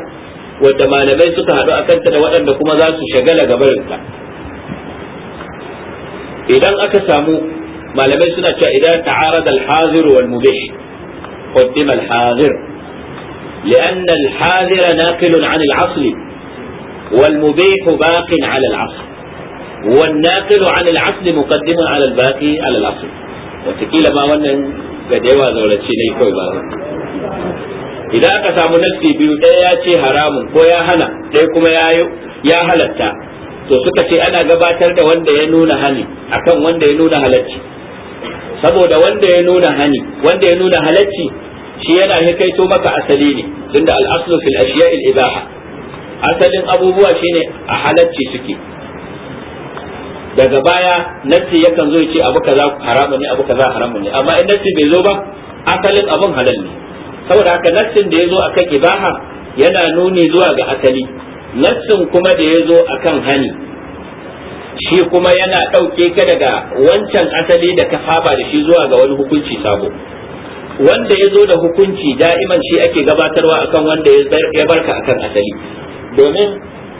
wadda malamai suka haɗu a kanta da waɗanda kuma za su shagala ga gabarinka idan aka samu malamai suna cewa idan ta'arada al-hazir wal mubih qaddima al-hazir لأن الحاذر ناقل عن العصل والمبيح باق على العصل والناقل عن العصل مقدم على الباقي على العصل وتكيل ما ونن قد يوا زولتشي ne kawai ba idan aka samu nafsi biyu ɗaya ya ce haramun ko ya hana ɗaya kuma ya halatta to suka ce ana gabatar da wanda ya nuna hani akan wanda ya nuna halacci saboda wanda ya nuna hani wanda ya nuna halacci shi yana hikaito maka asali ne tunda al'aslu fil ashiya'il ibaha asalin abubuwa shine a halacci suke daga baya nassi yakan zo ya ce abu kaza haramun ne abu kaza haramun ne amma in nassi bai zo ba asalin abun halal ne saboda haka nassin da ya zo akan ibaha yana nuni zuwa ga asali nassin kuma da ya zo akan hani shi kuma yana ɗauke ka daga wancan asali da ka saba da shi zuwa ga wani hukunci sabo wanda ya zo da hukunci da'iman shi ake gabatarwa akan wanda ya barka akan asali domin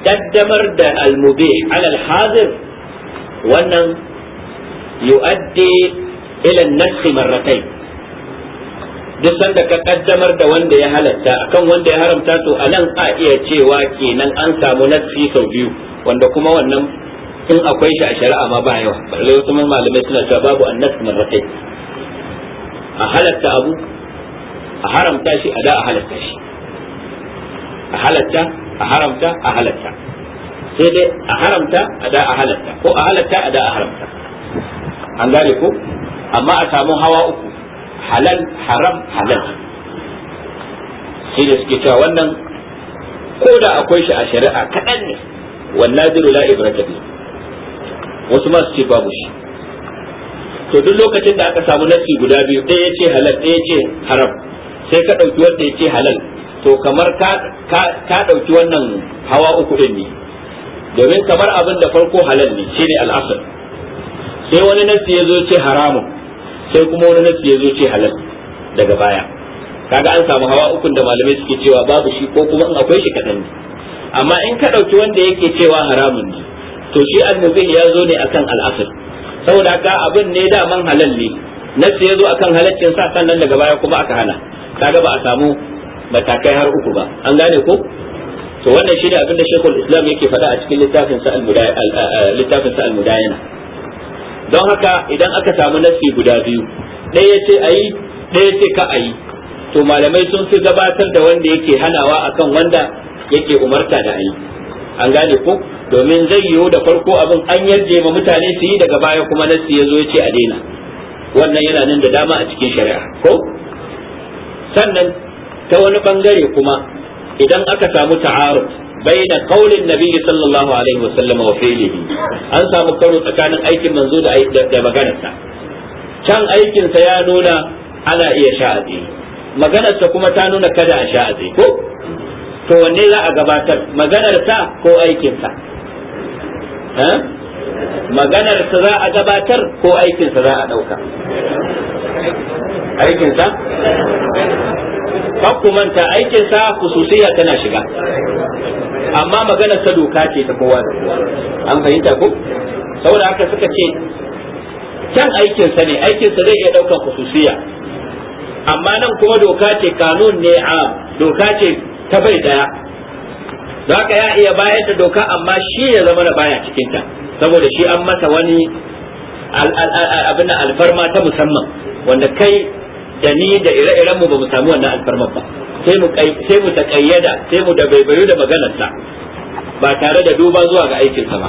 kaddamar da almube alal hazir wannan yu'addi ila nassi marratai duk sanda ka kaddamar da wanda ya halatta akan wanda ya haramta to a nan a iya cewa kenan an samu nafsi sau biyu wanda kuma wannan in akwai shi a shari'a ma ba yawa balle wasu malamai suna cewa babu annas rafi a halatta abu a haramta shi a da a halatta shi a halatta a haramta a halatta sai dai a haramta a da a halatta ko a halatta a da a haramta an gane ko amma a samu hawa uku halal haram halal sai da suke cewa wannan ko da akwai shi a shari'a kaɗan ne wannadiru la ibrata bi wasu ma su ce babu shi to duk lokacin da aka samu nasi guda biyu ɗaya ce halal ɗaya ce haram sai ka ɗauki wanda ya ce halal to kamar ka ɗauki wannan hawa uku ɗin ne domin kamar abin da farko halal ne shine al'asar sai wani nasi ya zo ce haramun sai kuma wani nafsi ya zo ce halal daga baya kaga an samu hawa ukun da malamai suke cewa babu shi ko kuma in akwai shi kadan ne amma in ka ɗauki wanda yake cewa haramun ne to shi annabi ya zo ne akan al'asr saboda ka abin ne daman halal ne nafsi ya zo akan halaccin sa sannan daga baya kuma aka hana kaga ba a samu matakai har uku ba an gane ko to wannan shi shine abin da shekul Islam yake faɗa a cikin littafin sa al don haka idan aka samu nasi guda biyu ɗaya ce ayi ɗaya ce ka ayi to malamai sun fi gabatar da wanda yake hanawa akan wanda yake umarta da ayi an gane ko domin zai yiwu da farko abin an yarje ma mutane su yi daga baya kuma nasi ya zo ya ce a daina wannan yana nan da dama a cikin shari'a ko sannan ta wani bangare kuma idan aka samu ta'arud baina قول النبي sallallahu alaihi wa sallam wa fi'lihi an samu karo tsakanin aikin manzo da da maganarsa can aikin sa ya nuna ana iya sha'azi maganarsa kuma ta nuna kada a sha'azi ko to wanne za a gabatar maganarsa ko aikin eh? za a ɗauka aikinsa kan ku manta aikin sa khususiyya tana shiga amma maganar ta doka ce ta kowa an fahimta ko saboda haka suka ce can aikin sa ne aikin sa zai iya daukar khususiyya amma nan kuma doka ce kanun ne a doka ce ta bai daya za ka ya iya bayar da doka amma shi ya zama da baya cikinta saboda shi an masa wani abin alfarma ta musamman wanda kai da ni da ire-iren mu ba mu samu wannan alfarmar ba sai mu sai mu takayyada sai mu da baibayu da maganarsa ba tare da duba zuwa ga aikin sa ba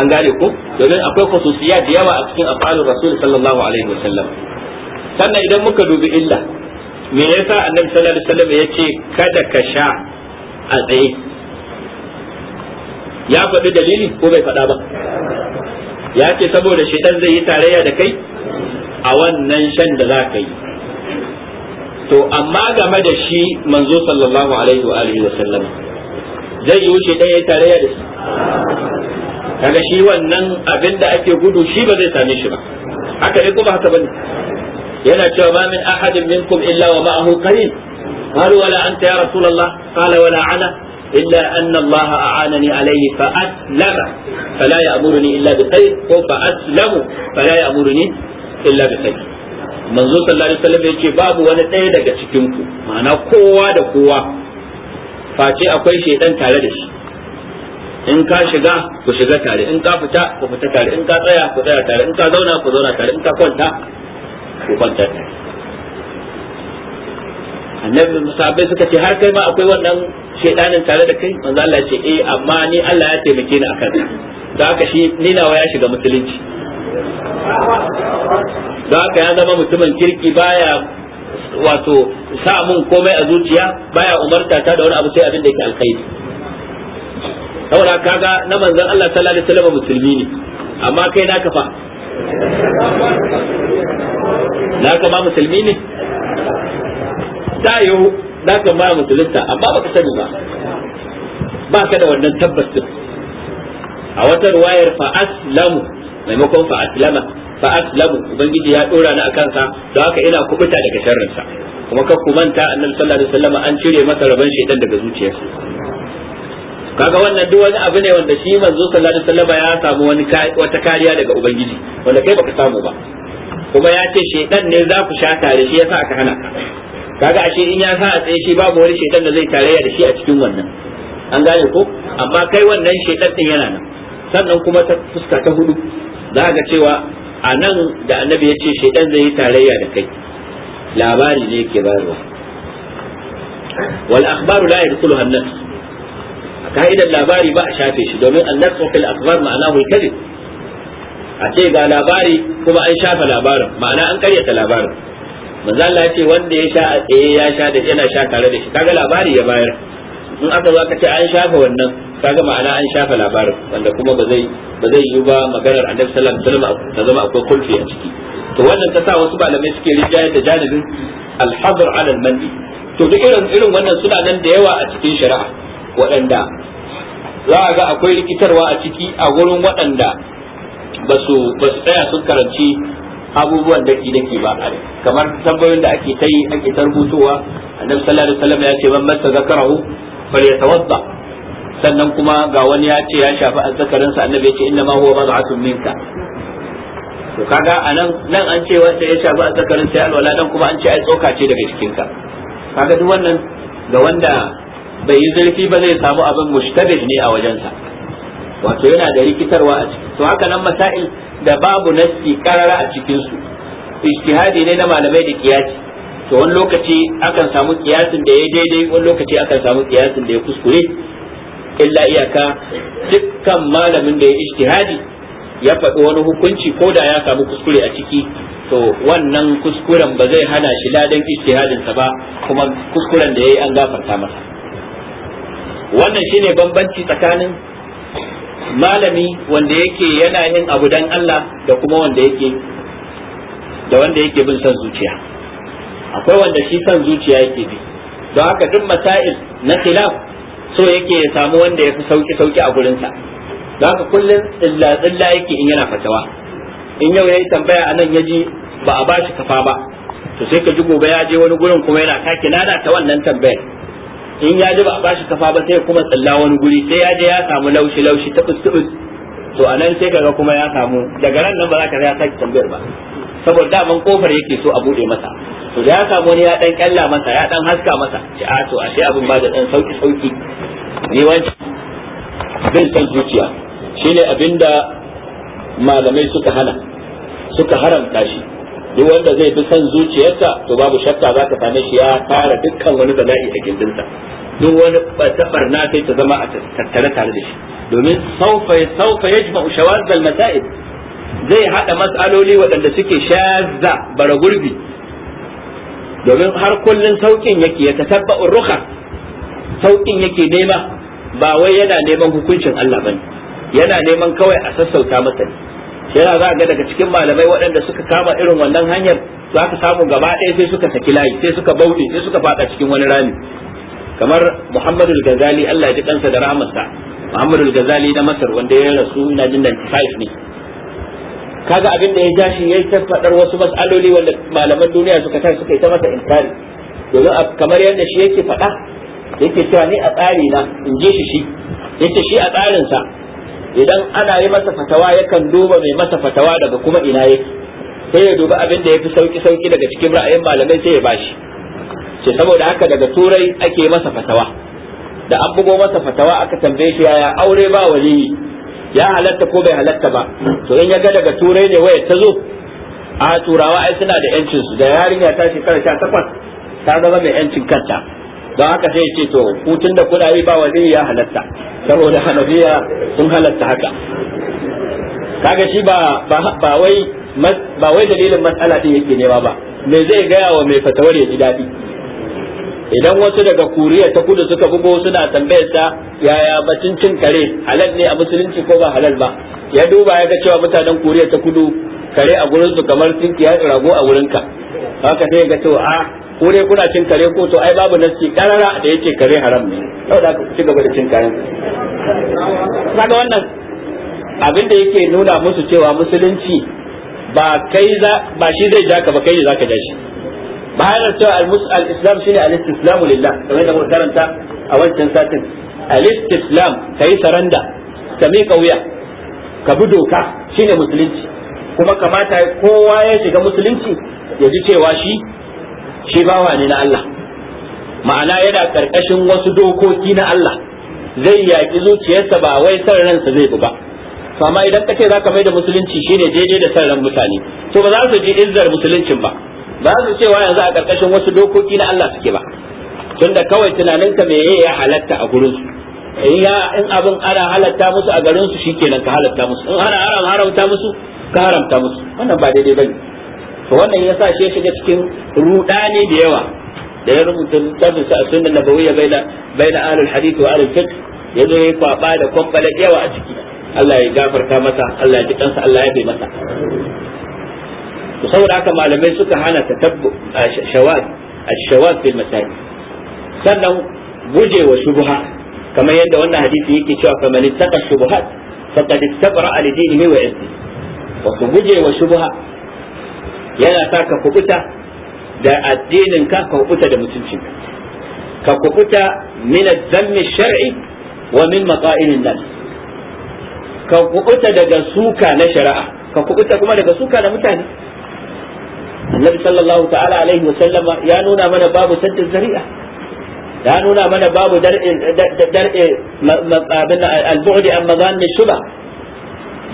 an gane ku? domin akwai kususiya da yawa a cikin afalin rasul sallallahu alaihi wasallam sannan idan muka dubi illa me yasa annabi sallallahu alaihi wasallam ya ce kada ka sha a tsaye ya faɗi dalili ko bai faɗa ba ya ce saboda shaitan zai yi tarayya da kai a wannan shan da za ka yi to amma game da shi manzo sallallahu alaihi wa alihi wa sallam zai yi wuce ɗaya tare da shi kaga shi wannan abin da ake gudu shi ba zai same shi ba haka ne kuma haka bane yana cewa ma min ahadin minkum illa wa ma'ahu qarin قالوا ولا أنت يا رسول الله قال ولا أنا إلا أن الله أعانني عليه فأسلم فلا يأمرني إلا بخير فأسلم فلا يأمرني إلا بخير manzo sallallahu alaihi wasallam yake babu wani ɗaya daga cikin ku ma'ana kowa da kowa face akwai shaidan tare da shi in ka shiga ku shiga tare in ka fita ku fita tare in ka tsaya ku tsaya tare in ka zauna ku zauna tare in ka kwanta ku kwanta tare annabi musabbai suka ce har kai ma akwai wannan shedanin tare da kai manzo Allah ya ce eh amma ni Allah ya taimake ni akan da haka shi ni nawa ya shiga musulunci don haka ya zama mutumin kirki baya wato sa mun komai a zuciya baya umarta ta da wani abu sai abin da yake alkhairi saboda kaga na manzon Allah sallallahu alaihi wasallam musulmi ne amma kai naka fa naka ma musulmi ne ta yiwu naka ma musulunta amma baka sani ba ba ka da wannan tabbas a wata ruwayar fa aslamu maimakon fa aslama fa aslamu ubangiji ya dora ni akan sa don haka ina kubuta daga sharrin sa kuma ka ku manta annabi sallallahu alaihi wasallam an cire masa raban shaitan daga zuciyarsa kaga wannan duk wani abu ne wanda shi manzo sallallahu alaihi wasallam ya samu wani wata kariya daga ubangiji wanda kai baka samu ba kuma ya ce shaitan ne za ku sha tare shi yasa aka hana kaga ashe in ya sa a tsaye shi babu wani shaitan da zai tarayya da shi a cikin wannan an gane ko amma kai wannan shaitan din yana nan sannan kuma ta fuska ta hudu za ga cewa a nan da annabi ya ce shaidan zai yi tarayya da kai labari ne ke bayarwa wal akhbaru la yadkhuluha an-nafs ka'idar labari ba a shafe shi domin an-nafsu fil akhbar ma'ana al a ce ga labari kuma an shafa labarin ma'ana an karyata labarin manzo Allah ya ce wanda ya sha eh ya sha da yana sha tare da shi kaga labari ya bayar in aka zo aka ce an shafa wannan kaga ma'ana an shafa labarin wanda kuma ba zai ba zai yi ba maganar annabi sallallahu alaihi wasallam ta zama akwai kulfi a ciki to wannan ta sa wasu malamai suke rijayar da janibin al-hadr ala al-mandi to duk irin irin wannan suna nan da yawa a cikin shari'a waɗanda za a ga akwai rikitarwa a ciki a gurin waɗanda ba su ba su tsaya sun karanci abubuwan daki daki ba kamar tambayoyin da ake ta yi ake ta rubutowa annabi sallallahu alaihi wasallam ya ce man masa zakarahu fal yatawadda sannan kuma ga wani ya ce ya shafi azzakarin sa annabi ya ce inna ma huwa bad'atun minka to kaga anan nan an ce wanda ya shafi azzakarin sai alwala dan kuma an ce ai tsoka ce daga cikin ka kaga duk wannan ga wanda bai yi zurfi ba zai samu abin mushtabih ne a wajensa wato yana da rikitarwa a ciki to haka nan masail da babu nassi karara a cikin su ijtihadi ne na malamai da kiyasi to wani lokaci akan samu kiyasin da ya daidai wani lokaci akan samu kiyasin da ya kuskure illa iyaka dukkan malamin da ya ijtihadi ya faɗi wani hukunci ko da ya samu kuskure a ciki to wannan kuskuren ba zai hana shi ladan sa ba kuma kuskuren da yayi an gafarta masa wannan shine bambanci tsakanin malami wanda yake yana yin abu dan Allah da kuma wanda yake da wanda yake bin son zuciya akwai wanda shi son zuciya yake bi don haka duk masail na khilaf so yake ya samu wanda ya fi sauki sauki a gurin sa, za ka kullum tsilla tsilla yake in yana fatawa in yau yayi tambaya anan nan ya ji ba a bashi kafa ba to sai ka ji gobe ya je wani gurin kuma yana take nada ta wannan tambayar in ya ji ba a bashi kafa ba sai kuma tsilla wani guri sai ya je ya samu laushi laushi ta tubus to a nan sai kaga kuma ya samu daga ran nan ba za ka ya sake tambayar ba saboda daman kofar yake so a bude masa to da ya samu wani ya dan kyalla masa ya dan haska masa ce a ah, to ashe abin ba da dan sauki sauki ne wani bin san zuciya shine abinda malamai suka hana suka haramta shi duk wanda zai bi san zuciyarsa to babu shakka zaka same shi ya tara dukkan wani bala'i a gindinsa duk wani barna sai ta zama a tattare tare da shi domin saufa saufa ya shawaz ushawar zai haɗa matsaloli waɗanda suke shazza bara gurbi domin har kullun saukin yake ya tasabba ruka sauƙin yake nema ba wai yana neman hukuncin Allah bane yana neman kawai a sassauta masa yana za ga daga cikin malamai waɗanda suka kama irin wannan hanyar za ka samu gaba ɗaya sai suka saki layi sai suka bauɗe sai suka faɗa cikin wani rami kamar Muhammadu al-Ghazali Allah ya ji kansa da rahmarsa Muhammadu al-Ghazali na Masar wanda ya rasu na 95 ne kaga abin da ya ja shi yayi ta fadar wasu mas'aloli wanda malaman duniya suka tashi suka yi ta masa inkari domin kamar yadda shi yake faɗa yake cewa ni a tsari na in je shi shi yace shi a tsarin sa idan ana yi masa fatawa yakan duba mai masa fatawa daga kuma ina yake sai ya duba abin da yafi sauki sauki daga cikin ra'ayin malamai sai ya bashi ce saboda haka daga turai ake masa fatawa da an bugo masa fatawa aka tambaye shi yaya aure ba waliyi ya halatta ko bai halatta ba to in ya ga daga turai ne waya ta zo a turawa ai suna da yancin su da yarinya ta shekara takwas ta zama mai yancin kanta don haka sai ce to hutun da kuna yi ba wani ya halatta saboda hanafiya sun halatta haka kaga shi ba ba wai ba wai dalilin matsala din yake nema ba me zai gaya wa mai fatawar ya ji daɗi idan wasu daga kuriya ta kudu suka bugo suna tambayar sa yaya batun cin kare halal ne a musulunci ko ba halal ba ya duba ya ga cewa mutanen kuriya ta kudu kare a gurin su kamar tinki ya rago a wurin ka haka sai ga to a ah, ko dai kuna cin kare ko to ai babu nasi karara da yake kare haram ne sau da ci gaba da cin karen kaga wannan abin da yake nuna musu cewa musulunci ba kai za ba shi zai ja ka ba kai ne zaka ja shi bayan cewa al-islam shine al-istislamu lillah kamar da muka karanta a wancan satin al-istislam kai saranda ka miƙa wuya ka bi doka shine musulunci kuma kamata kowa ya shiga musulunci ya ji cewa shi shi bawa ne na Allah ma'ana yana karkashin wasu dokoki na Allah zai yaki zuciyarsa ba wai san ransa zai bi ba to amma idan kace zaka mai da musulunci shine daidai da san ran mutane to ba za su ji izzar musuluncin ba ba su cewa yanzu a karkashin wasu dokoki na Allah suke ba tunda kawai tunaninka me ya halatta a gurin su ya in abin ana halatta musu a garin su shikenan ka halatta musu in ana haram haramta musu ka haramta musu wannan ba daidai bane to wannan yasa shi ya shiga cikin rudani da yawa da ya rubuta littafin sa sunan nabawiyya baina baina ahlul hadith wa ahlul fiqh yazo ya kwaba da kwabbala yawa a ciki Allah ya gafarta masa Allah ya ji kansa Allah ya bai masa to saboda haka malamai suka hana tatabbu shawaz a shawaz fil sannan gujewa shubha kamar yadda wannan hadisi yake cewa kamar ittaqa shubuhat faqad istabra li dinihi wa irdi gujewa shubha yana sa ka kubuta da addinin ka ka kubuta da mutuncin ka kubuta min adh-dhammi shar'i wa min maqa'in nas ka kubuta daga suka na shari'a ka kubuta kuma daga suka na mutane annabi sallallahu ta'ala alaihi wa sallama ya nuna mana babu sadda zari'a ya nuna mana babu dar'e abin al-bu'di amma zanni shuba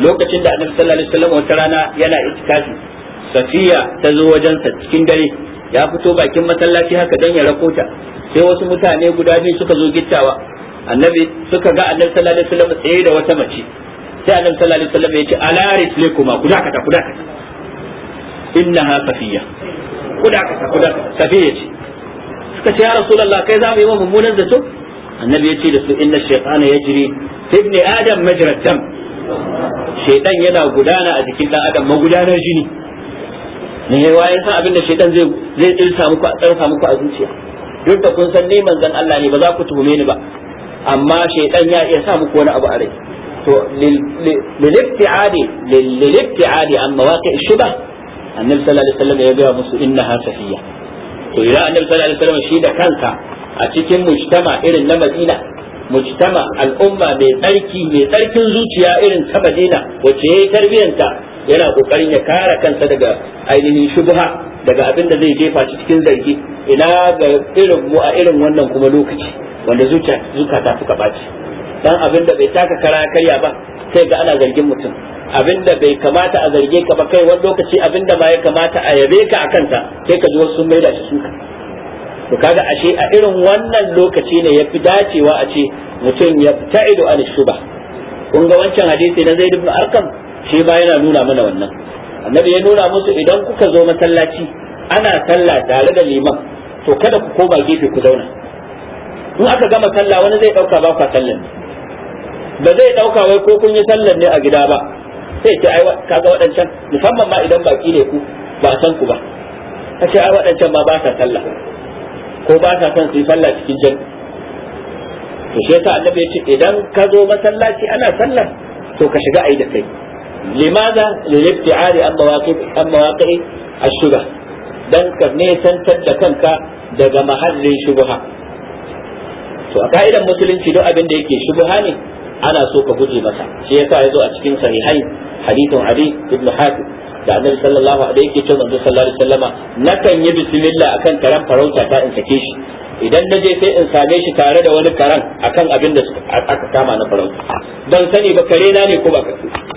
lokacin da annabi sallallahu alaihi wa sallama wata rana yana itikafi safiya ta zo wajensa cikin dare ya fito bakin masallaci haka don ya rakota sai wasu mutane guda biyu suka zo gittawa annabi suka ga annabi sallallahu alaihi wa wasallam tsaye da wata mace sai annabi sallallahu alaihi wa wasallam ya ce ala rislikuma ku dakata ku dakata innaha safiya kuda ka kuda safiya ce suka ce ya rasulullah kai za mu yi mummunan zato annabi ya ce da su inna shaytana yajri fi adam majra dam shaytan yana gudana a jikin dan adam magudanar jini ne yawa ya san abin da shaytan zai zai tsilsa muku a tsarsa muku a zuciya duk da kun san ni manzon Allah ne ba za ku tuhume ni ba amma shaytan ya iya sa muku wani abu a rai to lil ibtiadi lil ibtiadi an mawaqi' annabi sallallahu alaihi wasallam ya ga musu innaha safiya to idan annabi sallallahu alaihi wasallam shi da kanka a cikin mujtama irin na Madina mujtama al'umma mai tsarki mai tsarkin zuciya irin ta Madina wacce yayi tarbiyanta yana kokarin ya kare kansa daga ainihin shubha daga abin da zai jefa shi cikin zargi ina ga irin mu a irin wannan kuma lokaci wanda zuciya zuka ta fuka baci dan abin da bai taka kara karya ba sai ga ana zargin mutum abinda bai kamata a zarge ka ba kai wani lokaci abinda ba ya kamata a yabe ka a kanta sai ka ji wasu sun maida shi suka to kaga ashe a irin wannan lokaci ne yafi dacewa a ce mutum ya ta'idu an shuba kun ga wancan hadisi na Zaid ibn Arqam shi ba yana nuna mana wannan annabi ya nuna musu idan kuka zo masallaci ana sallah tare da liman to kada ku koma gefe ku zauna in aka gama sallah wani zai dauka ba ku sallan ba zai dauka wai ko kun yi sallar ne a gida ba sai ce ai kaga waɗancan musamman ma idan baki ne ku ba san ku ba a ce ai waɗancan ma ba sa sallah ko ba sa son su yi sallah cikin jan to sai sa annabi ya ce idan ka zo masallaci ana sallah to ka shiga ai da kai limaza lilibti'ari an mawaqi an mawaqi ash dan ka ne tantar da kanka daga mahallin shubha to a ka'idan musulunci duk abin da yake shubha ne ana so ka guje masa shi yasa yazo a cikin sahihai hadithun ali ibn hatim da annabi sallallahu alaihi yake cewa annabi sallallahu alaihi wasallama nakan yi bismillah akan karan farauta ta in sake shi idan na je sai in same shi tare da wani karan akan abin da aka kama na farauta ban sani ba kare na ne ko ba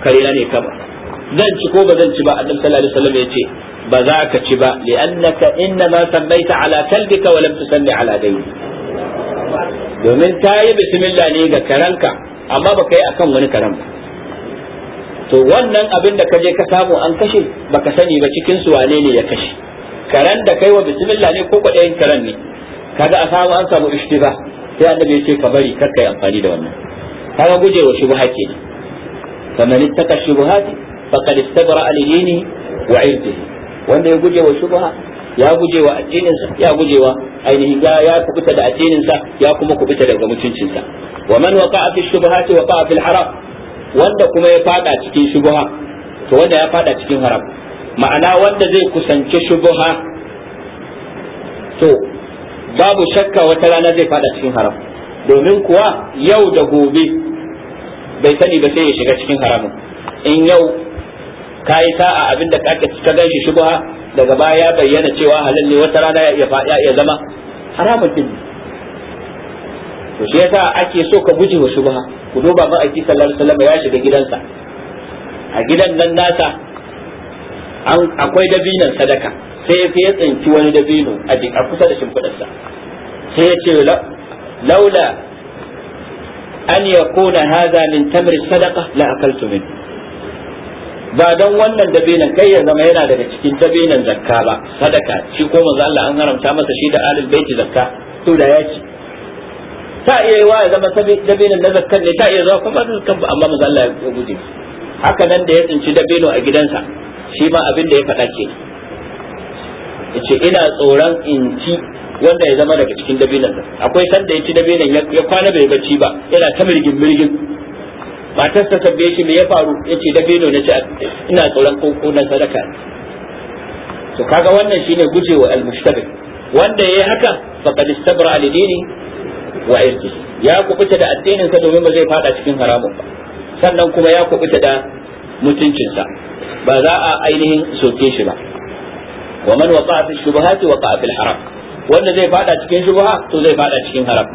kare na ne kama zan ci ko ba zan ci ba annabi sallallahu alaihi wasallam yace ba za ka ci ba li'annaka innama sammaita ala kalbika wa lam tusalli ala dayni domin ta yi bismillah ne ga karanka amma baka yi akan wani karam to wannan abin da ka je ka samu an kashe baka sani ba cikin su wane ne ya kashe karan da kai wa bismillah ne ko kwaɗayin karan ne kaga a samu an samu ba sai annabi ya ce ka bari kar kai amfani da wannan kaga gujewa shubha kenan faman ittaka shubuhati faqad istabra li wa irdihi wanda ya guje wa shubha ya gujewa addininsa ya gujewa ainihin ya ya kubuta da addininsa ya kuma kubuta daga mutuncinsa wa man waqa'a fi shubhati waqa'a fil haram wanda kuma ya fada cikin shubaha to wanda ya fada cikin haram ma'ana wanda zai kusanci shubaha to babu shakka wata rana zai fada cikin haram domin kuwa yau da gobe bai sani ba sai ya shiga cikin haramun in yau ka yi sa'a abin da ka gan shi shubha daga baya ya bayyana cewa halal ne wata rana ya iya ya zama haramun din to shi yasa ake so ka guje wa shubha ku duba ba aiki sallallahu alaihi wasallam ya shiga gidansa a gidan nan nasa akwai dabinan sadaka sai ya tsinci wani dabino a kusa da shimfiɗarsa sai ya ce laula an yakuna hadha min tamr sadaqa la akaltu minhu ba don wannan dabinan kai ya zama yana daga cikin dabinan zakka ba sadaka shi ko manzo Allah an haramta masa shi da alil baiti zakka to da ya ci ta iya wa ya zama dabinan na zakkan ne ta iya zama kuma zakkan amma manzo Allah ya guje haka nan da ya tsinci dabino a gidansa shi ma abin da ya faɗa ke yace ina tsoron in ci wanda ya zama daga cikin dabinan akwai sanda ya ci dabinan ya kwana bai bacci ba yana ta mirgin mirgin matar ta tambaye shi me ya faru yace da bino nace ina tsoron koko na sadaka to kaga wannan shine gujewa al almushtabih wanda yayi haka faqad istabra li dini wa irdi ya kubuta da addinin sa domin ba zai fada cikin haramun ba sannan kuma ya kubuta da mutuncinsa ba za a ainihin soke shi ba wa man waqa'a fi shubuhati waqa'a fil haram wanda zai fada cikin shubha to zai fada cikin haram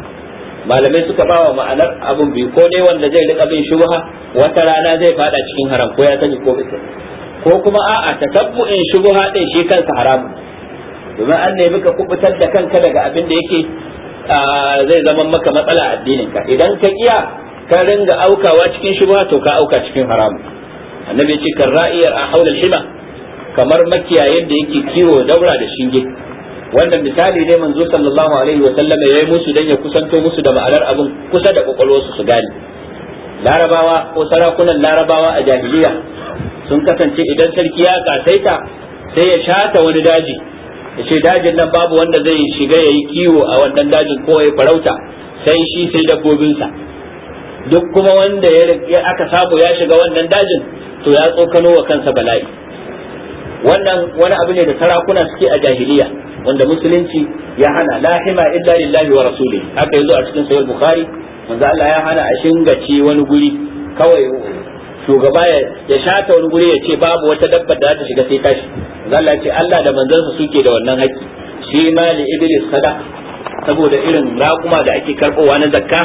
malamai suka bawa ma'anar abin biyu ko dai wanda zai rika bin shubha wata rana zai fada cikin haram ko ya sani ko bai ko kuma a'a tatabbu'in shubha din shi kansa haramun domin an nemi ka kubutar da kanka daga abin da yake zai zama maka matsala addinin ka idan ka kiya ka ringa aukawa cikin shubha to ka auka cikin haramun annabi ya ce kan ra'iyar a haulal hima kamar makiyayin da yake kiwo daura da shinge wannan misali ne manzo sallallahu alaihi wa sallama yayi musu dan ya kusanto musu da ma'anar abin kusa da kokolwarsu su gane larabawa ko sarakunan larabawa a jahiliya sun kasance idan sarki ya kasaita sai ya shata wani daji ya ce dajin nan babu wanda zai shiga yayi kiwo a wannan dajin ko ya farauta sai shi sai dabbobinsa duk kuma wanda ya aka sabo ya shiga wannan dajin to ya tsokano wa kansa bala'i wannan wani abu ne da sarakuna suke a jahiliya wanda musulunci ya hana la hima illa lillahi wa rasuli haka yazo a cikin sahih bukhari manzo Allah ya hana a shingace wani guri kawai shugaba ya shata wani guri ya ce babu wata dabba da za ta shiga sai tashi manzo Allah ya ce Allah da manzansa suke da wannan haƙƙi shi ma li iblis sadaq saboda irin raƙuma da ake karbowa na zakka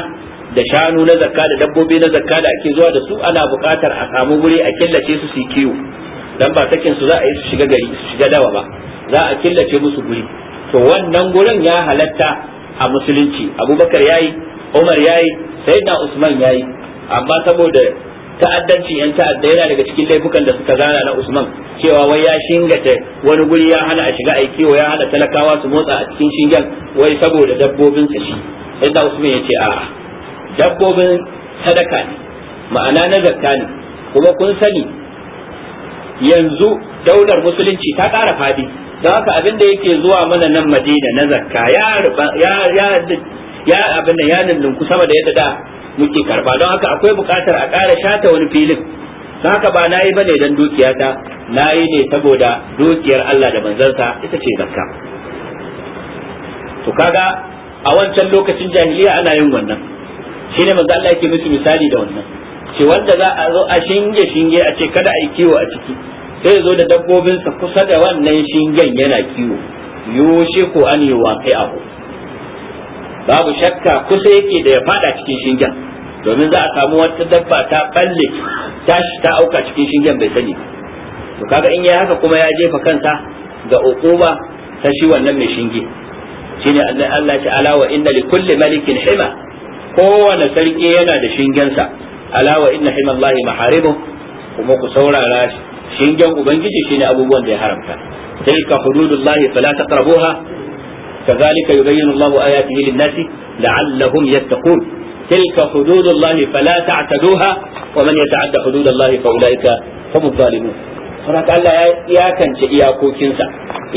da shanu na zakka da dabbobi na zakka da ake zuwa da su ana buƙatar a samu guri a killace su su kiwo dan ba sakin su za a yi su shiga gari su shiga dawa ba za a killace musu guri to wannan gurin ya halatta a musulunci abubakar yayi umar yayi sai da usman yayi amma saboda ta'addanci yan ta'adda yana daga cikin laifukan da suka zana na usman cewa wai ya shingata wani guri ya hana a shiga aiki wa ya hana talakawa su motsa a cikin shingen wai saboda dabbobin sa shi da usman ya ce a'a dabbobin sadaka ne ma'ana na zakka ne kuma kun sani yanzu daular musulunci ta ƙara fadi don haka abin da yake zuwa mana nan madina na zakka ya abin da ya ku sama da yadda da muke karba don haka akwai buƙatar a ƙara shata wani filin don haka ba na yi bane don dukiyata na yi ne saboda dukiyar Allah da manzansa ita ce zakka to kaga a wancan lokacin jahiliya ana yin wannan shine manzo Allah yake musu misali da wannan shi wanda za a zo a shinge shinge a ce kada a yi kiwo a ciki sai zo da dabbobinsa kusa da wannan shingen yana kiwo yoshe ko an yi wa kai abu babu shakka kusa yake da ya fada cikin shingen domin za a samu wata dabba ta balle tashi ta auka cikin shingen bai sani to kaga in ya haka kuma ya jefa kansa ga ukuba ta shi wannan mai shinge shine Allah ta'ala wa inna likulli malikin hima kowane sarki yana da shingensa alawa inna hima Allah maharibu kuma ku saurara shingen ubangiji shine abubuwan da ya haramta sai ka hududullahi fala taqrabuha kazalika yubayyinu Allah ayatihi lin-nasi la'allahum yattaqun tilka hududullahi fala ta'taduha wa man yata'adda hududallahi fa ulaika hum zalimun Allah ya kance iyakokinsa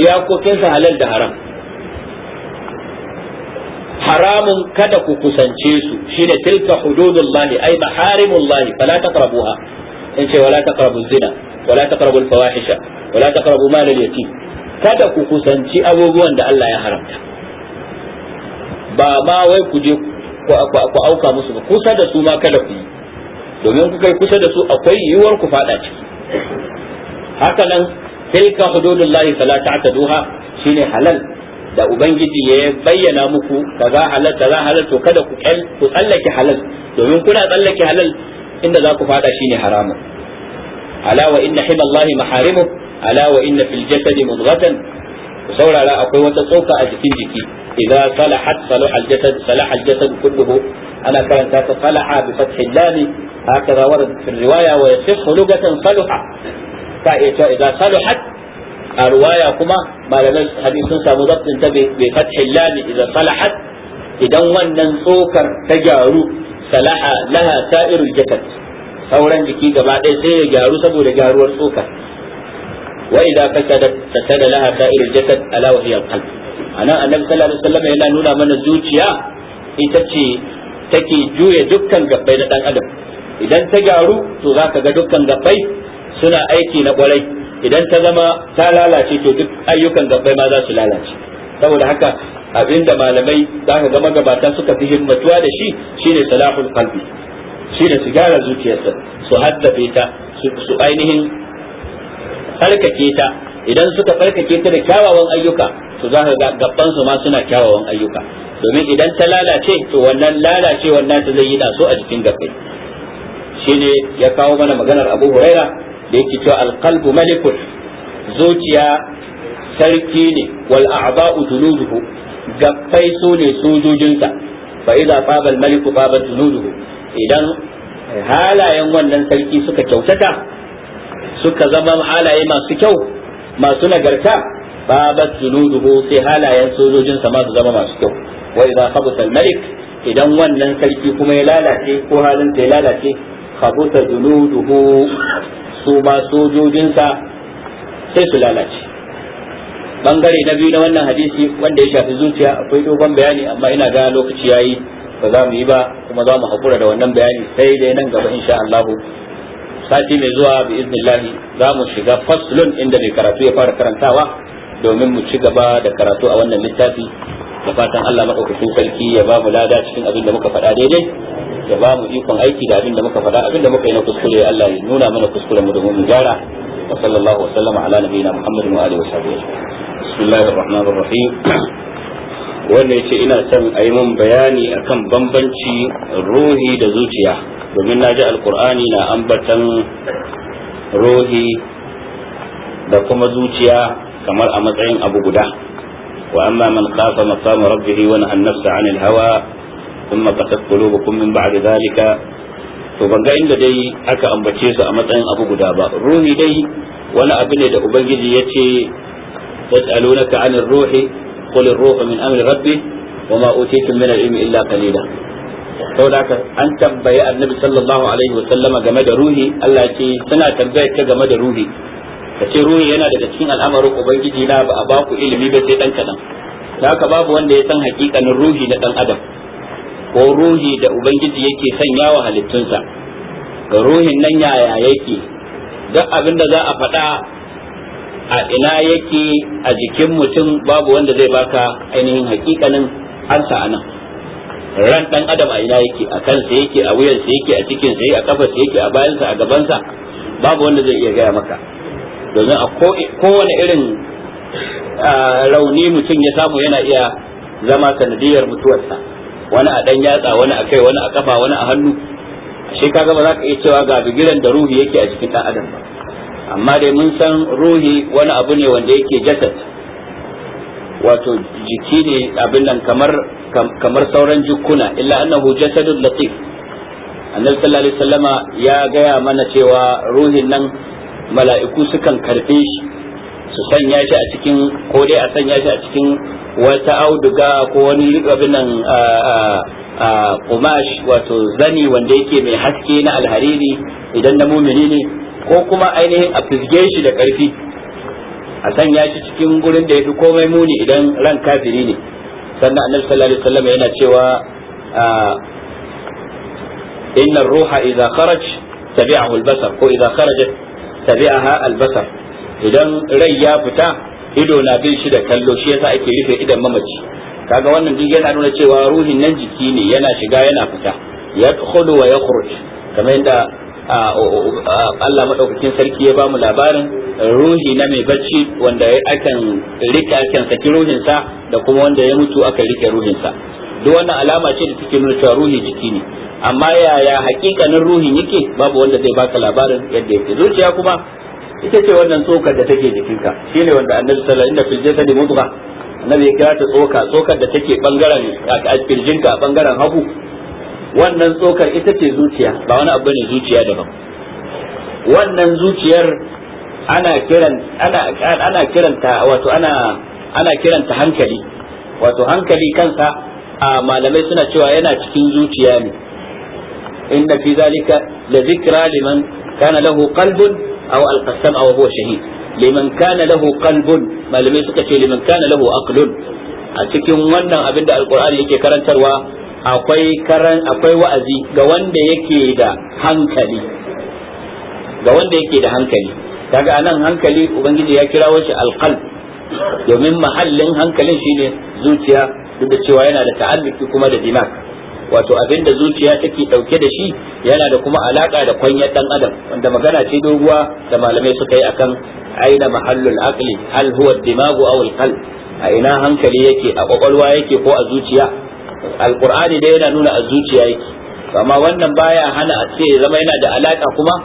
iyakokinsa halal da haram haramun kada ku kusance su shine tilka hududullahi ay maharimullahi fala taqrabuha in ce wala taqrabu zina wala taqrabu alfawahisha wala taqrabu mal al-yatim kada ku kusanci abubuwan da Allah ya haramta ba ma wai ku je ku auka musu ba kusa da su ma kada ku yi domin ku kai kusa da su akwai yiwuwar ku fada ciki haka nan tilka hududullahi fala ta'taduha shine halal da ubangiji ya bayyana muku kaza halal kaza halal to kada ku ku tsallake halal domin kuna tsallake halal inda za ku fada shine haramun ala wa inna himallahi maharimu ala wa inna fil jasadi mudghatan ku saurara akwai wata tsoka a cikin jiki idza salahat salaha al jasad salaha al jasad kulluhu ana karanta ta salaha bi fathil lam hakaza warad fi riwaya wa yasihhu lugatan salaha fa idza salahat a ruwaya kuma malamai hadisi sun samu zabtin ta bai fathil lam idan salahat idan wannan tsokar ta gyaru salaha laha sa'irul jakat sauran jiki gaba ɗaya sai ya gyaru saboda gyaruwar tsokar wa idza fasadat fasada laha sa'irul jakat ala wa hiya qalb anan annabi sallallahu alaihi wasallam yana nuna mana zuciya ita ce take juya dukkan gabbai na dan adam idan ta gyaru to zaka ga dukkan gabbai suna aiki na kwarai idan ta zama ta lalace to duk ayyukan gabbai ma za su lalace saboda haka abinda malamai za ka gama gabata suka fi himmatuwa da shi shine salahul qalbi shine su gyara zuciyarsa su haddabe ta su ainihin tsarkake ta idan suka tsarkake ta da kyawawan ayyuka to za ka gabban su ma suna kyawawan ayyuka domin idan ta lalace to wannan lalacewar nata zai yi daso a jikin gabbai shine ya kawo mana maganar Abu Huraira da yake cewa alqalbu malikun zuciya sarki ne wal a'da'u ga kai su ne sojojinsa fa idza faba al maliku faba dunuduhu idan halayen wannan sarki suka kyautata suka zama halaye masu kyau masu nagarta babat dunuduhu sai halayen sojojinsa ma su zama masu kyau wa idza khabata al malik idan wannan sarki kuma ya lalace ko halin ya lalace khabata dunuduhu su ma sojojinsa sai su lalace bangare na biyu na wannan hadisi wanda ya shafi zuciya akwai dogon bayani amma ina ga lokaci yayi ba za mu yi ba kuma za mu hakura da wannan bayani sai dai nan gaba insha Allah sati mai zuwa bi iznillahi za mu shiga faslun inda mai karatu ya fara karantawa domin mu ci gaba da karatu a wannan littafi da fatan Allah madaukakin sarki ya ba mu lada cikin abin da muka faɗa daidai ya ba mu ikon aiki da abin da muka faɗa abin da muka yi na kuskure Allah ya nuna mana kuskuren mu domin mu gyara wa sallallahu wa sallama ala nabiyina Muhammadin wa alihi wa sahbihi bismillahir rahmanir rahim wanda yace ina son a yi min bayani akan bambanci ruhi da zuciya domin na ji alkur'ani na ambatan ruhi da kuma zuciya kamar a matsayin abu guda وأما من خاف مقام ربه ونهى النفس عن الهوى ثم قست قلوبكم من بعد ذلك to ban ga inda dai aka ambace su a matsayin abu guda ba ruhi dai wani abu ne da ubangiji ya ce yas'alunaka 'anil ruhi qul ar-ruhu min rabbi wa ma utitum min al-ilmi illa qalila saboda haka an tambaye annabi sallallahu alaihi wa sallama game da ruhi Allah ya ce suna tambaye ta game da ruhi ka ce ruhi yana daga cikin al'amarin ubangiji na ba a ba ku ilimi ba sai dan kadan haka babu wanda ya san hakikanin ruhi na dan adam ko ruhi da ubangiji yake sanya wa halittunsa ga ruhin nan yaya yake duk abin da za a faɗa a ina yake a jikin mutum babu wanda zai baka ainihin hakikanin ansa a nan ran dan adam a ina yake a kansa yake a wuyansa yake a sa yake a kafarsa yake a bayansa a gabansa babu wanda zai iya gaya maka domin a kowane irin rauni mutum ya samu yana iya zama sanadiyar mutuwarsa wani a dan yatsa wani a kai wani a kafa wani a hannu shi ka gaba za ka iya cewa ga bigiran da ruhi yake a cikin ɗan adam ba amma dai mun san ruhi wani abu ne wanda yake jasad wato jiki ne abin nan kamar sauran jukuna illa annahu jasadun latif annabi sallallahu alaihi wasallama ya gaya mana cewa ruhin nan mala'iku sukan karɓe shi su sanya shi a cikin ko dai a sanya shi a cikin wata auduga ko wani abin nan kumash wato zani wanda yake mai haske na alhariri idan na mumini ne ko kuma ainihin a fisge shi da karfi a sanya shi cikin gurin da yafi komai muni idan ran kafiri ne sannan annabi sallallahu alaihi yana cewa inna ruha idza kharaj tabi'ahu al-basar ko idza kharajat tabi'aha albasar idan rai ya fita ido na bin shi da kallo shi yasa ake rufe idan mamaci kaga wannan duk yana nuna cewa ruhin nan jiki ne yana shiga yana fita ya khulu wa yakhruj kamar yadda Allah madaukakin sarki ya bamu labarin ruhi na mai bacci wanda akan rike akan saki ruhinsa da kuma wanda ya mutu aka rike ruhinsa duk wannan alama ce da take nuna cewa ruhi jiki ne amma yaya hakikanin ruhin yake babu wanda zai baka labarin yadda yake zuciya kuma ita ce wannan tsokar da take jikinka shine wanda annabi sallallahu alaihi wasallam inda filjeta da mudghah annabi ya kira ta tsoka tsokar da take bangaren a kirjinka bangaren hagu wannan tsokar ita ce zuciya ba wani abu ne zuciya daban wannan zuciyar ana kiran ana ana kiranta wato ana ana kiranta hankali wato hankali kansa a malamai suna cewa yana cikin zuciya ne inna fi zalika la zikra liman kana lahu qalbun aw alqasam aw huwa shahid liman kana lahu qalbun malamai suka ce liman kana lahu aqlun a cikin wannan abin da alqur'ani yake karantarwa akwai karan akwai wa'azi ga wanda yake da hankali ga wanda yake da hankali kaga anan hankali ubangiji ya kirawo shi alqalb domin mahallin hankalin shine zuciya duk da cewa yana da ta'alluki kuma da dimak wato abin da zuciya take dauke da shi yana da kuma alaka da kwanyar dan adam wanda magana ce doguwa da malamai suka yi akan aina mahallul aqli hal huwa dimagu aw al a ina hankali yake a kwakwalwa yake ko a zuciya alqur'ani dai yana nuna a zuciya yake amma wannan baya hana a ce zama yana da alaka kuma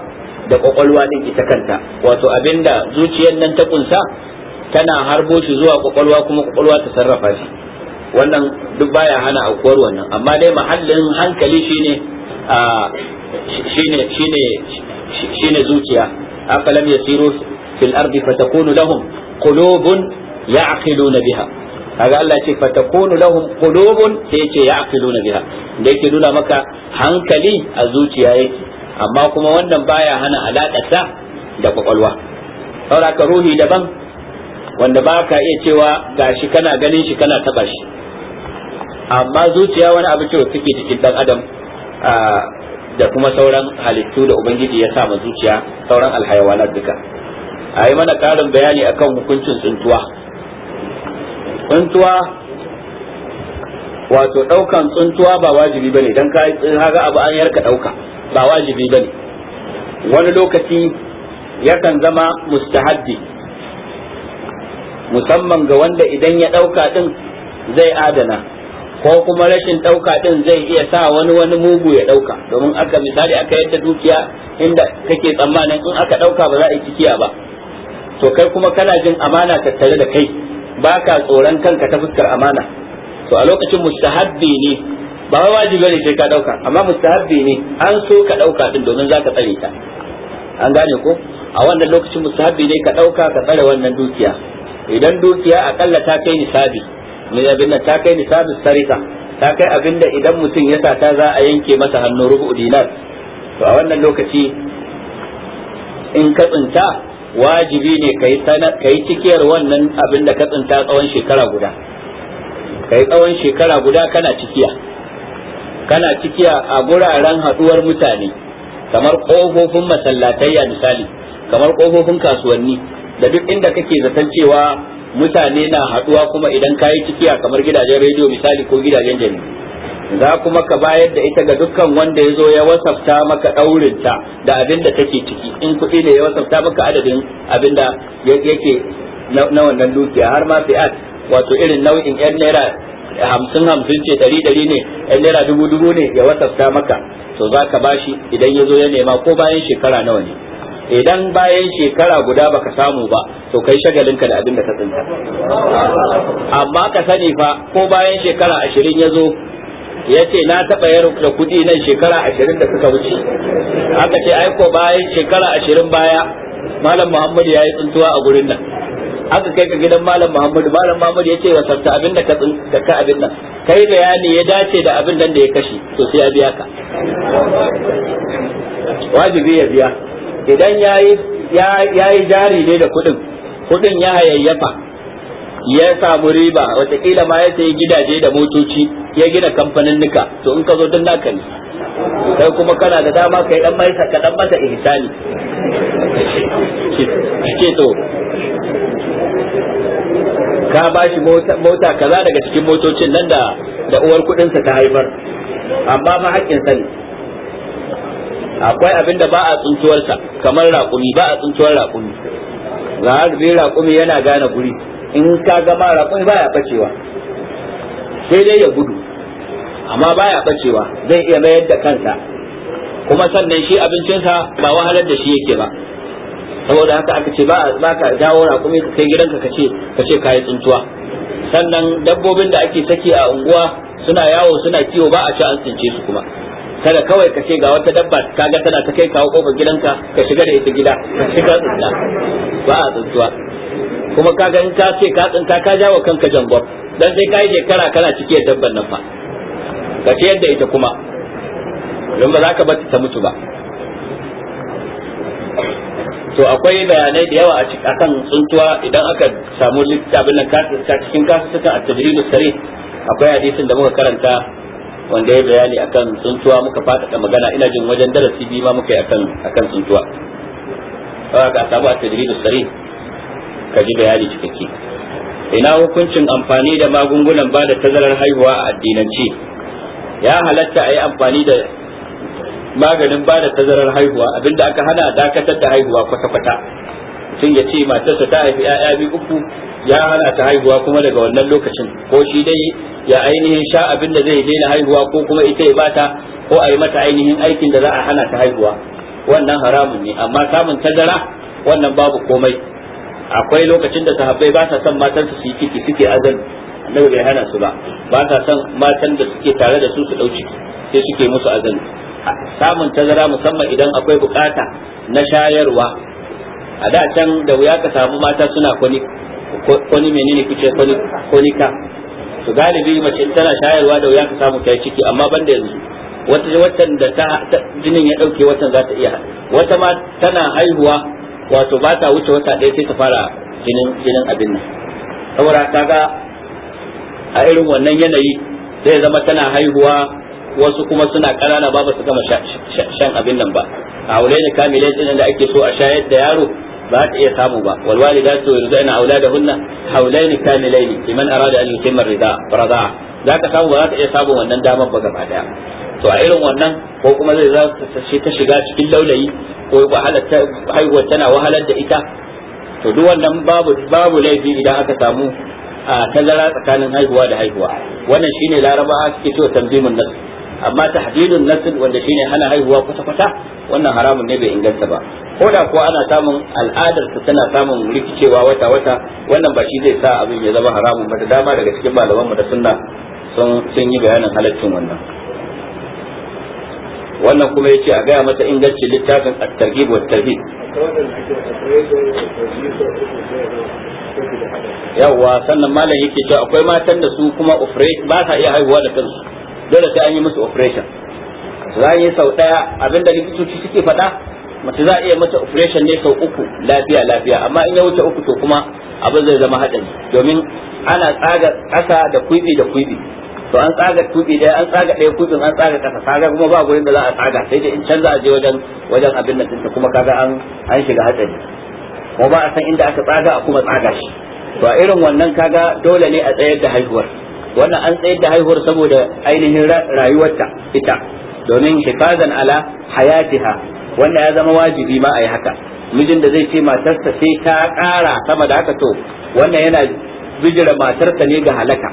da kwakwalwa din ita kanta wato abinda zuciyar nan ta kunsa tana harbo shi zuwa kwakwalwa kuma kwakwalwa ta sarrafa shi wannan duk baya hana aukuwar wannan amma dai mahallin hankali shine shine shine shine zuciya akalam yasiru fil ardi fatakunu lahum qulubun ya'qiluna biha kaga Allah ce fatakunu lahum qulubun sai yace ya'qiluna biha da yake nuna maka hankali a zuciya yake amma kuma wannan baya hana alaƙa da kwakwalwa saboda ruhi daban wanda ba ka iya cewa gashi kana ganin shi kana taba shi amma zuciya wani abu ce suke cikin dan adam da kuma sauran halittu da ubangiji ya sa ma zuciya sauran alhayawanat duka a yi mana karin bayani akan hukuncin tsuntuwa tsuntuwa wato daukan tsuntuwa ba wajibi bane dan ka haga abu an yarka dauka ba wajibi bane wani lokaci yakan zama mustahaddi musamman ga wanda idan ya ɗauka ɗin zai adana ko kuma rashin ɗauka ɗin zai iya sa wani wani mugu ya ɗauka domin aka misali aka yadda dukiya inda kake tsammanin in aka ɗauka ba za a yi cikiya ba to kai kuma kana jin amana tattare da kai baka tsoron kanka ta fuskar amana to a lokacin mustahabbi ne ba wajibi ne sai ka ɗauka amma mustahabbi ne an so ka ɗauka ɗin domin za ka tsare ta an gane ko a wannan lokacin mustahabbi ne ka ɗauka ka tsare wannan dukiya idan dukiya akalla ta kai nisabi ne abin da ta kai nisabi sarika ta kai abin da idan mutum ya sata za a yanke masa hannu rubu dinar to a wannan lokaci in ka tsinta wajibi ne ka yi cikiyar wannan abin da ka tsinta tsawon shekara guda ka yi tsawon shekara guda kana cikiya kana cikiya a guraren haɗuwar mutane kamar masallatai ya misali kamar kofofin kasuwanni da duk inda kake zaton cewa mutane na haɗuwa kuma idan ka yi cikiya kamar gidajen rediyo misali ko gidajen jaridu za kuma ka bayar da ita ga dukkan wanda ya zo ya wasafta maka ɗaurinta da abin da take ciki in kuɗi ne ya wasafta maka adadin abin da yake na wannan dukiya har ma fi'at wato irin nau'in yan naira hamsin hamsin ce ɗari ɗari ne yan naira dubu dubu ne ya wasafta maka to za ka bashi idan ya zo ya nema ko bayan shekara nawa ne idan bayan shekara guda baka samu ba to kai shagalinka da abin da ka tsinta amma ka sani fa ko bayan shekara ashirin ya zo ya ce na taɓa yaro da kuɗi nan shekara ashirin da suka wuce aka ce aiko bayan shekara ashirin baya malam Muhammadu ya yi tsintuwa a gurin nan aka kai ka gidan malam Muhammadu, malam Muhammadu ya ce wa sarta abin da ka ka abin nan kai bayani ya dace da abin nan da ya kashe to sai ya biya ka wajibi ya biya idan ya yi jari ne da kuɗin kuɗin ya hayayyafa ya samu riba watakila ma ya sayi gidaje da motoci ya gina kamfanin nika to in ka zo dan naka ne Sai kuma kana da dama kai dan mai saka dan masa ihsani ke to ka ba shi mota kaza daga cikin motocin nan da uwar kudin sa ta haifar amma ma haƙƙin sani akwai abin da ba a tsuntuwarsa kamar raƙumi ba a tsuntuwar raƙumi ga harbi raƙumi yana gane guri in ka gama raƙumi ba ya bacewa sai dai ya gudu amma ba ya bacewa zai iya mayar da kansa kuma sannan shi abincinsa ba wahalar da shi yake ba saboda haka aka ce ba ka dawo raƙumi ka kai gidanka ka ce ka ce kayi tsuntuwa sannan dabbobin da ake saki a unguwa suna yawo suna kiwo ba a ci an tsince su kuma kada kawai ka ce ga wata dabba kaga tana ta kai kawo kofar gidanka ka shiga da ita gida ka shiga tsinta ba a tsintuwa kuma kaga in ka ce ka tsinta ka jawo kanka jangon dan sai ka yi shekara kana cike dabban nan fa ka ce yadda ita kuma don ba za ka bar ta mutu ba to akwai bayanai da yawa a akan tsuntuwa idan aka samu littafin nan cikin kasu suka a tajridu sare akwai hadisin da muka karanta wanda ya bayani akan tsuntuwa muka faɗaɗa magana ina jin wajen darasi biyu ma muka yi akan akan tsuntuwa kawai ka samu a tajridu sari ka ji bayani cikakke ina hukuncin amfani da magungunan ba da tazarar haihuwa a addinance ya halatta a yi amfani da maganin ba da tazarar haihuwa abinda aka hana dakatar da haihuwa kwata-kwata mutum ya ce matarsa ta haifi 'ya'ya biyu uku ya hana ta haihuwa kuma daga wannan lokacin ko shi dai ya ainihin sha abin da zai daina haihuwa ko kuma ita ya bata ko a yi mata ainihin aikin da za a hana ta haihuwa wannan haramun ne amma samun tazara wannan babu komai akwai lokacin da sahabbai ba sa son matansu su yi ciki suke azan annabi bai hana su ba ba sa son matan da suke tare da su su ɗauki sai suke musu azan samun tazara musamman idan akwai bukata na shayarwa a da can da wuya ka samu mata suna kwani kwani menene kuce kwani ka to galibi mace tana shayarwa da wuya ka samu kai ciki amma ban da yanzu wata watan da ta jinin ya dauke watan za ta iya wata ma tana haihuwa wato ba ta wuce wata ɗaya sai ta fara jinin jinin abin nan saboda ta ga a irin wannan yanayi zai zama tana haihuwa wasu kuma suna ƙanana ba ba su gama shan abin nan ba a wulai ne kamilai da ake so a shayar da yaro ba ta iya samu ba wal walidatu yurdina auladahunna hawlayn kamilayn liman arada an yutimma za zaka samu ba za ta iya samu wannan damar ba gaba daya to a irin wannan ko kuma zai za ta shiga cikin laulayi ko haihuwar tana wahalar da ita to duk wannan babu babu laifi idan aka samu a tazara tsakanin haihuwa da haihuwa wannan shine laraba suke cewa tanzimin nasu. amma tahdidun nasl wanda shine hana haihuwa kwata kwata wannan haramun ne bai inganta ba ko da kuwa ana samun al'adar ta tana samun rikicewa wata wata wannan ba shi zai sa abin ya zama haramun ba da dama daga cikin malaman mu da sunna sun sun yi bayanin halaccin wannan wannan kuma yace a gaya mata ingancin littafin at-targhib wa tarhib yawa sannan malam yake cewa akwai matan da su kuma ufre ba sa iya haihuwa da kansu dole sai an yi musu operation za a yi sau daya abinda likitoci suke faɗa mace za a iya mata operation ne sau uku lafiya lafiya amma in ya wuce uku to kuma abin zai zama haɗari domin ana tsaga ƙasa da kuɗi da kuɗi to an tsaga tuɗi ɗaya an tsaga ɗaya kuɗin an tsaga ƙasa tsaga kuma ba gurin da za a tsaga sai da in canza a je wajen wajen abin nan ɗinta kuma kaga an an shiga hatsari kuma ba a san inda aka tsaga a kuma tsaga shi to a irin wannan kaga dole ne a tsayar da haihuwar wannan an tsayar da haihuwar saboda ainihin rayuwarta ita domin hifazan ala hayatiha wanda ya zama wajibi ma a yi haka mijin da zai ce matarsa sai ta ƙara sama da haka to wannan yana bijira matarsa ne ga halaka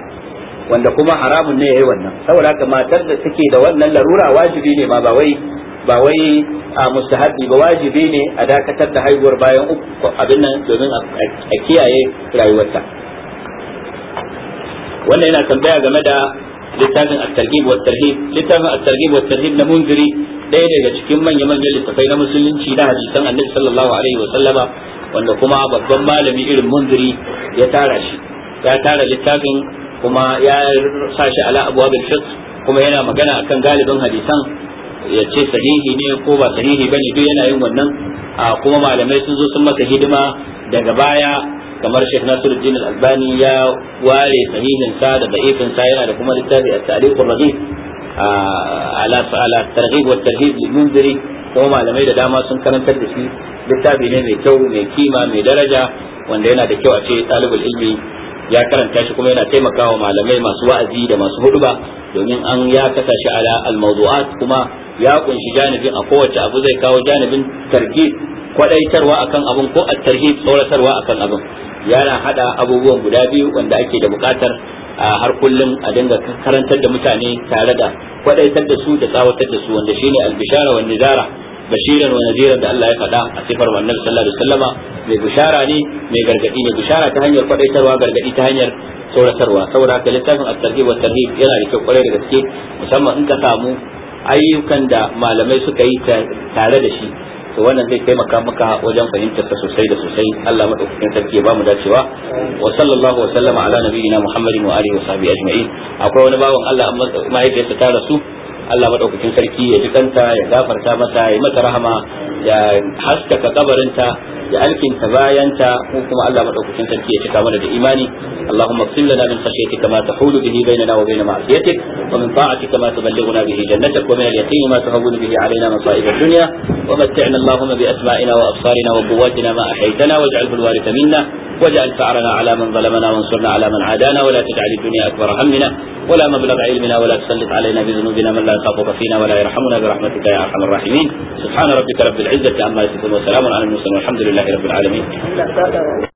wanda kuma haramun ne ya yi wannan saboda haka matar da take da wannan larura wajibi ne ma ba wai ba wai a mustahabi ba wajibi ne a dakatar da haihuwar bayan uku abin nan domin a kiyaye rayuwarta wannan yana tambaya game da littafin at-targhib wa tarhib littafin at-targhib wa tarhib na munziri ɗaya daga cikin manya manyan littafai na musulunci na hadisan annabi sallallahu alaihi wa sallama wanda kuma babban malami irin munziri ya tara shi ya tara littafin kuma ya sa shi ala abwabil kuma yana magana akan galibin hadisan ya ce sahihi ne ko ba sahihi bane duk yana yin wannan kuma malamai sun zo sun masa hidima daga baya kamar Sheikh Nasiruddin Al-Albani ya ware sahihin sa da da'ifin sa yana da kuma littafi at-Tariq ar ala ala targhib wa tarhib lil-munziri kuma malamai da dama sun karantar da shi littafi ne mai kyau mai kima mai daraja wanda yana da kyau a ce talibul ilmi ya karanta shi kuma yana taimakawa malamai masu wa'azi da masu huduba domin an ya kasa shi ala al kuma ya kunshi janibin a kowace abu zai kawo janibin targhib kwadaitarwa akan abin ko at-tarhib tsoratarwa akan abin yana hada abubuwan guda biyu wanda ake da bukatar a har kullum a dinga karantar da mutane tare da kwadaitar da su da tsawatar da su wanda shine al-bishara wa nizara bashiran wa naziran da Allah ya faɗa a sifar wannan sallallahu alaihi wasallama mai bushara ne mai gargadi ne bushara ta hanyar kwadaitarwa gargadi ta hanyar tsoratarwa saboda haka littafin at-targhib wa tarhib yana da kyau kwarai da gaske musamman in ka samu ayyukan da malamai suka yi tare da shi to wannan zai taimaka maka wajen fahimtar ka sosai da sosai Allah madaukakin sarki ya bamu dacewa wa sallallahu wa sallama ala nabiyyina Muhammadin wa alihi wa sahbihi ajma'in akwai wani bawan Allah amma mahaifiyarsa ta rasu Allah madaukakin sarki ya ji kanta ya gafarta mata ya mata rahama ya haskaka kabarinta ya alkinta bayanta ko kuma Allah madaukakin sarki ya cika mana da imani Allahumma fil lana min khashyatika kama tahulu bihi bainana wa bain ma'siyatik wa min ta'atik kama tuballighuna bihi jannatak wa min al yaqin ma tuhawwinu bihi alaina masa'ib ad-dunya wa mat'na Allahumma bi asma'ina wa absarina wa quwwatina ma ahaytana waj'al al-waritha minna واجعل ثأرنا على من ظلمنا وانصرنا على من عادانا ولا تجعل الدنيا أكبر همنا ولا مبلغ علمنا ولا تسلط علينا بذنوبنا من لا تخافك فينا ولا يرحمنا برحمتك يا ارحم الراحمين سبحان ربك رب العزه عما يصفون وسلام على المرسلين والحمد لله رب العالمين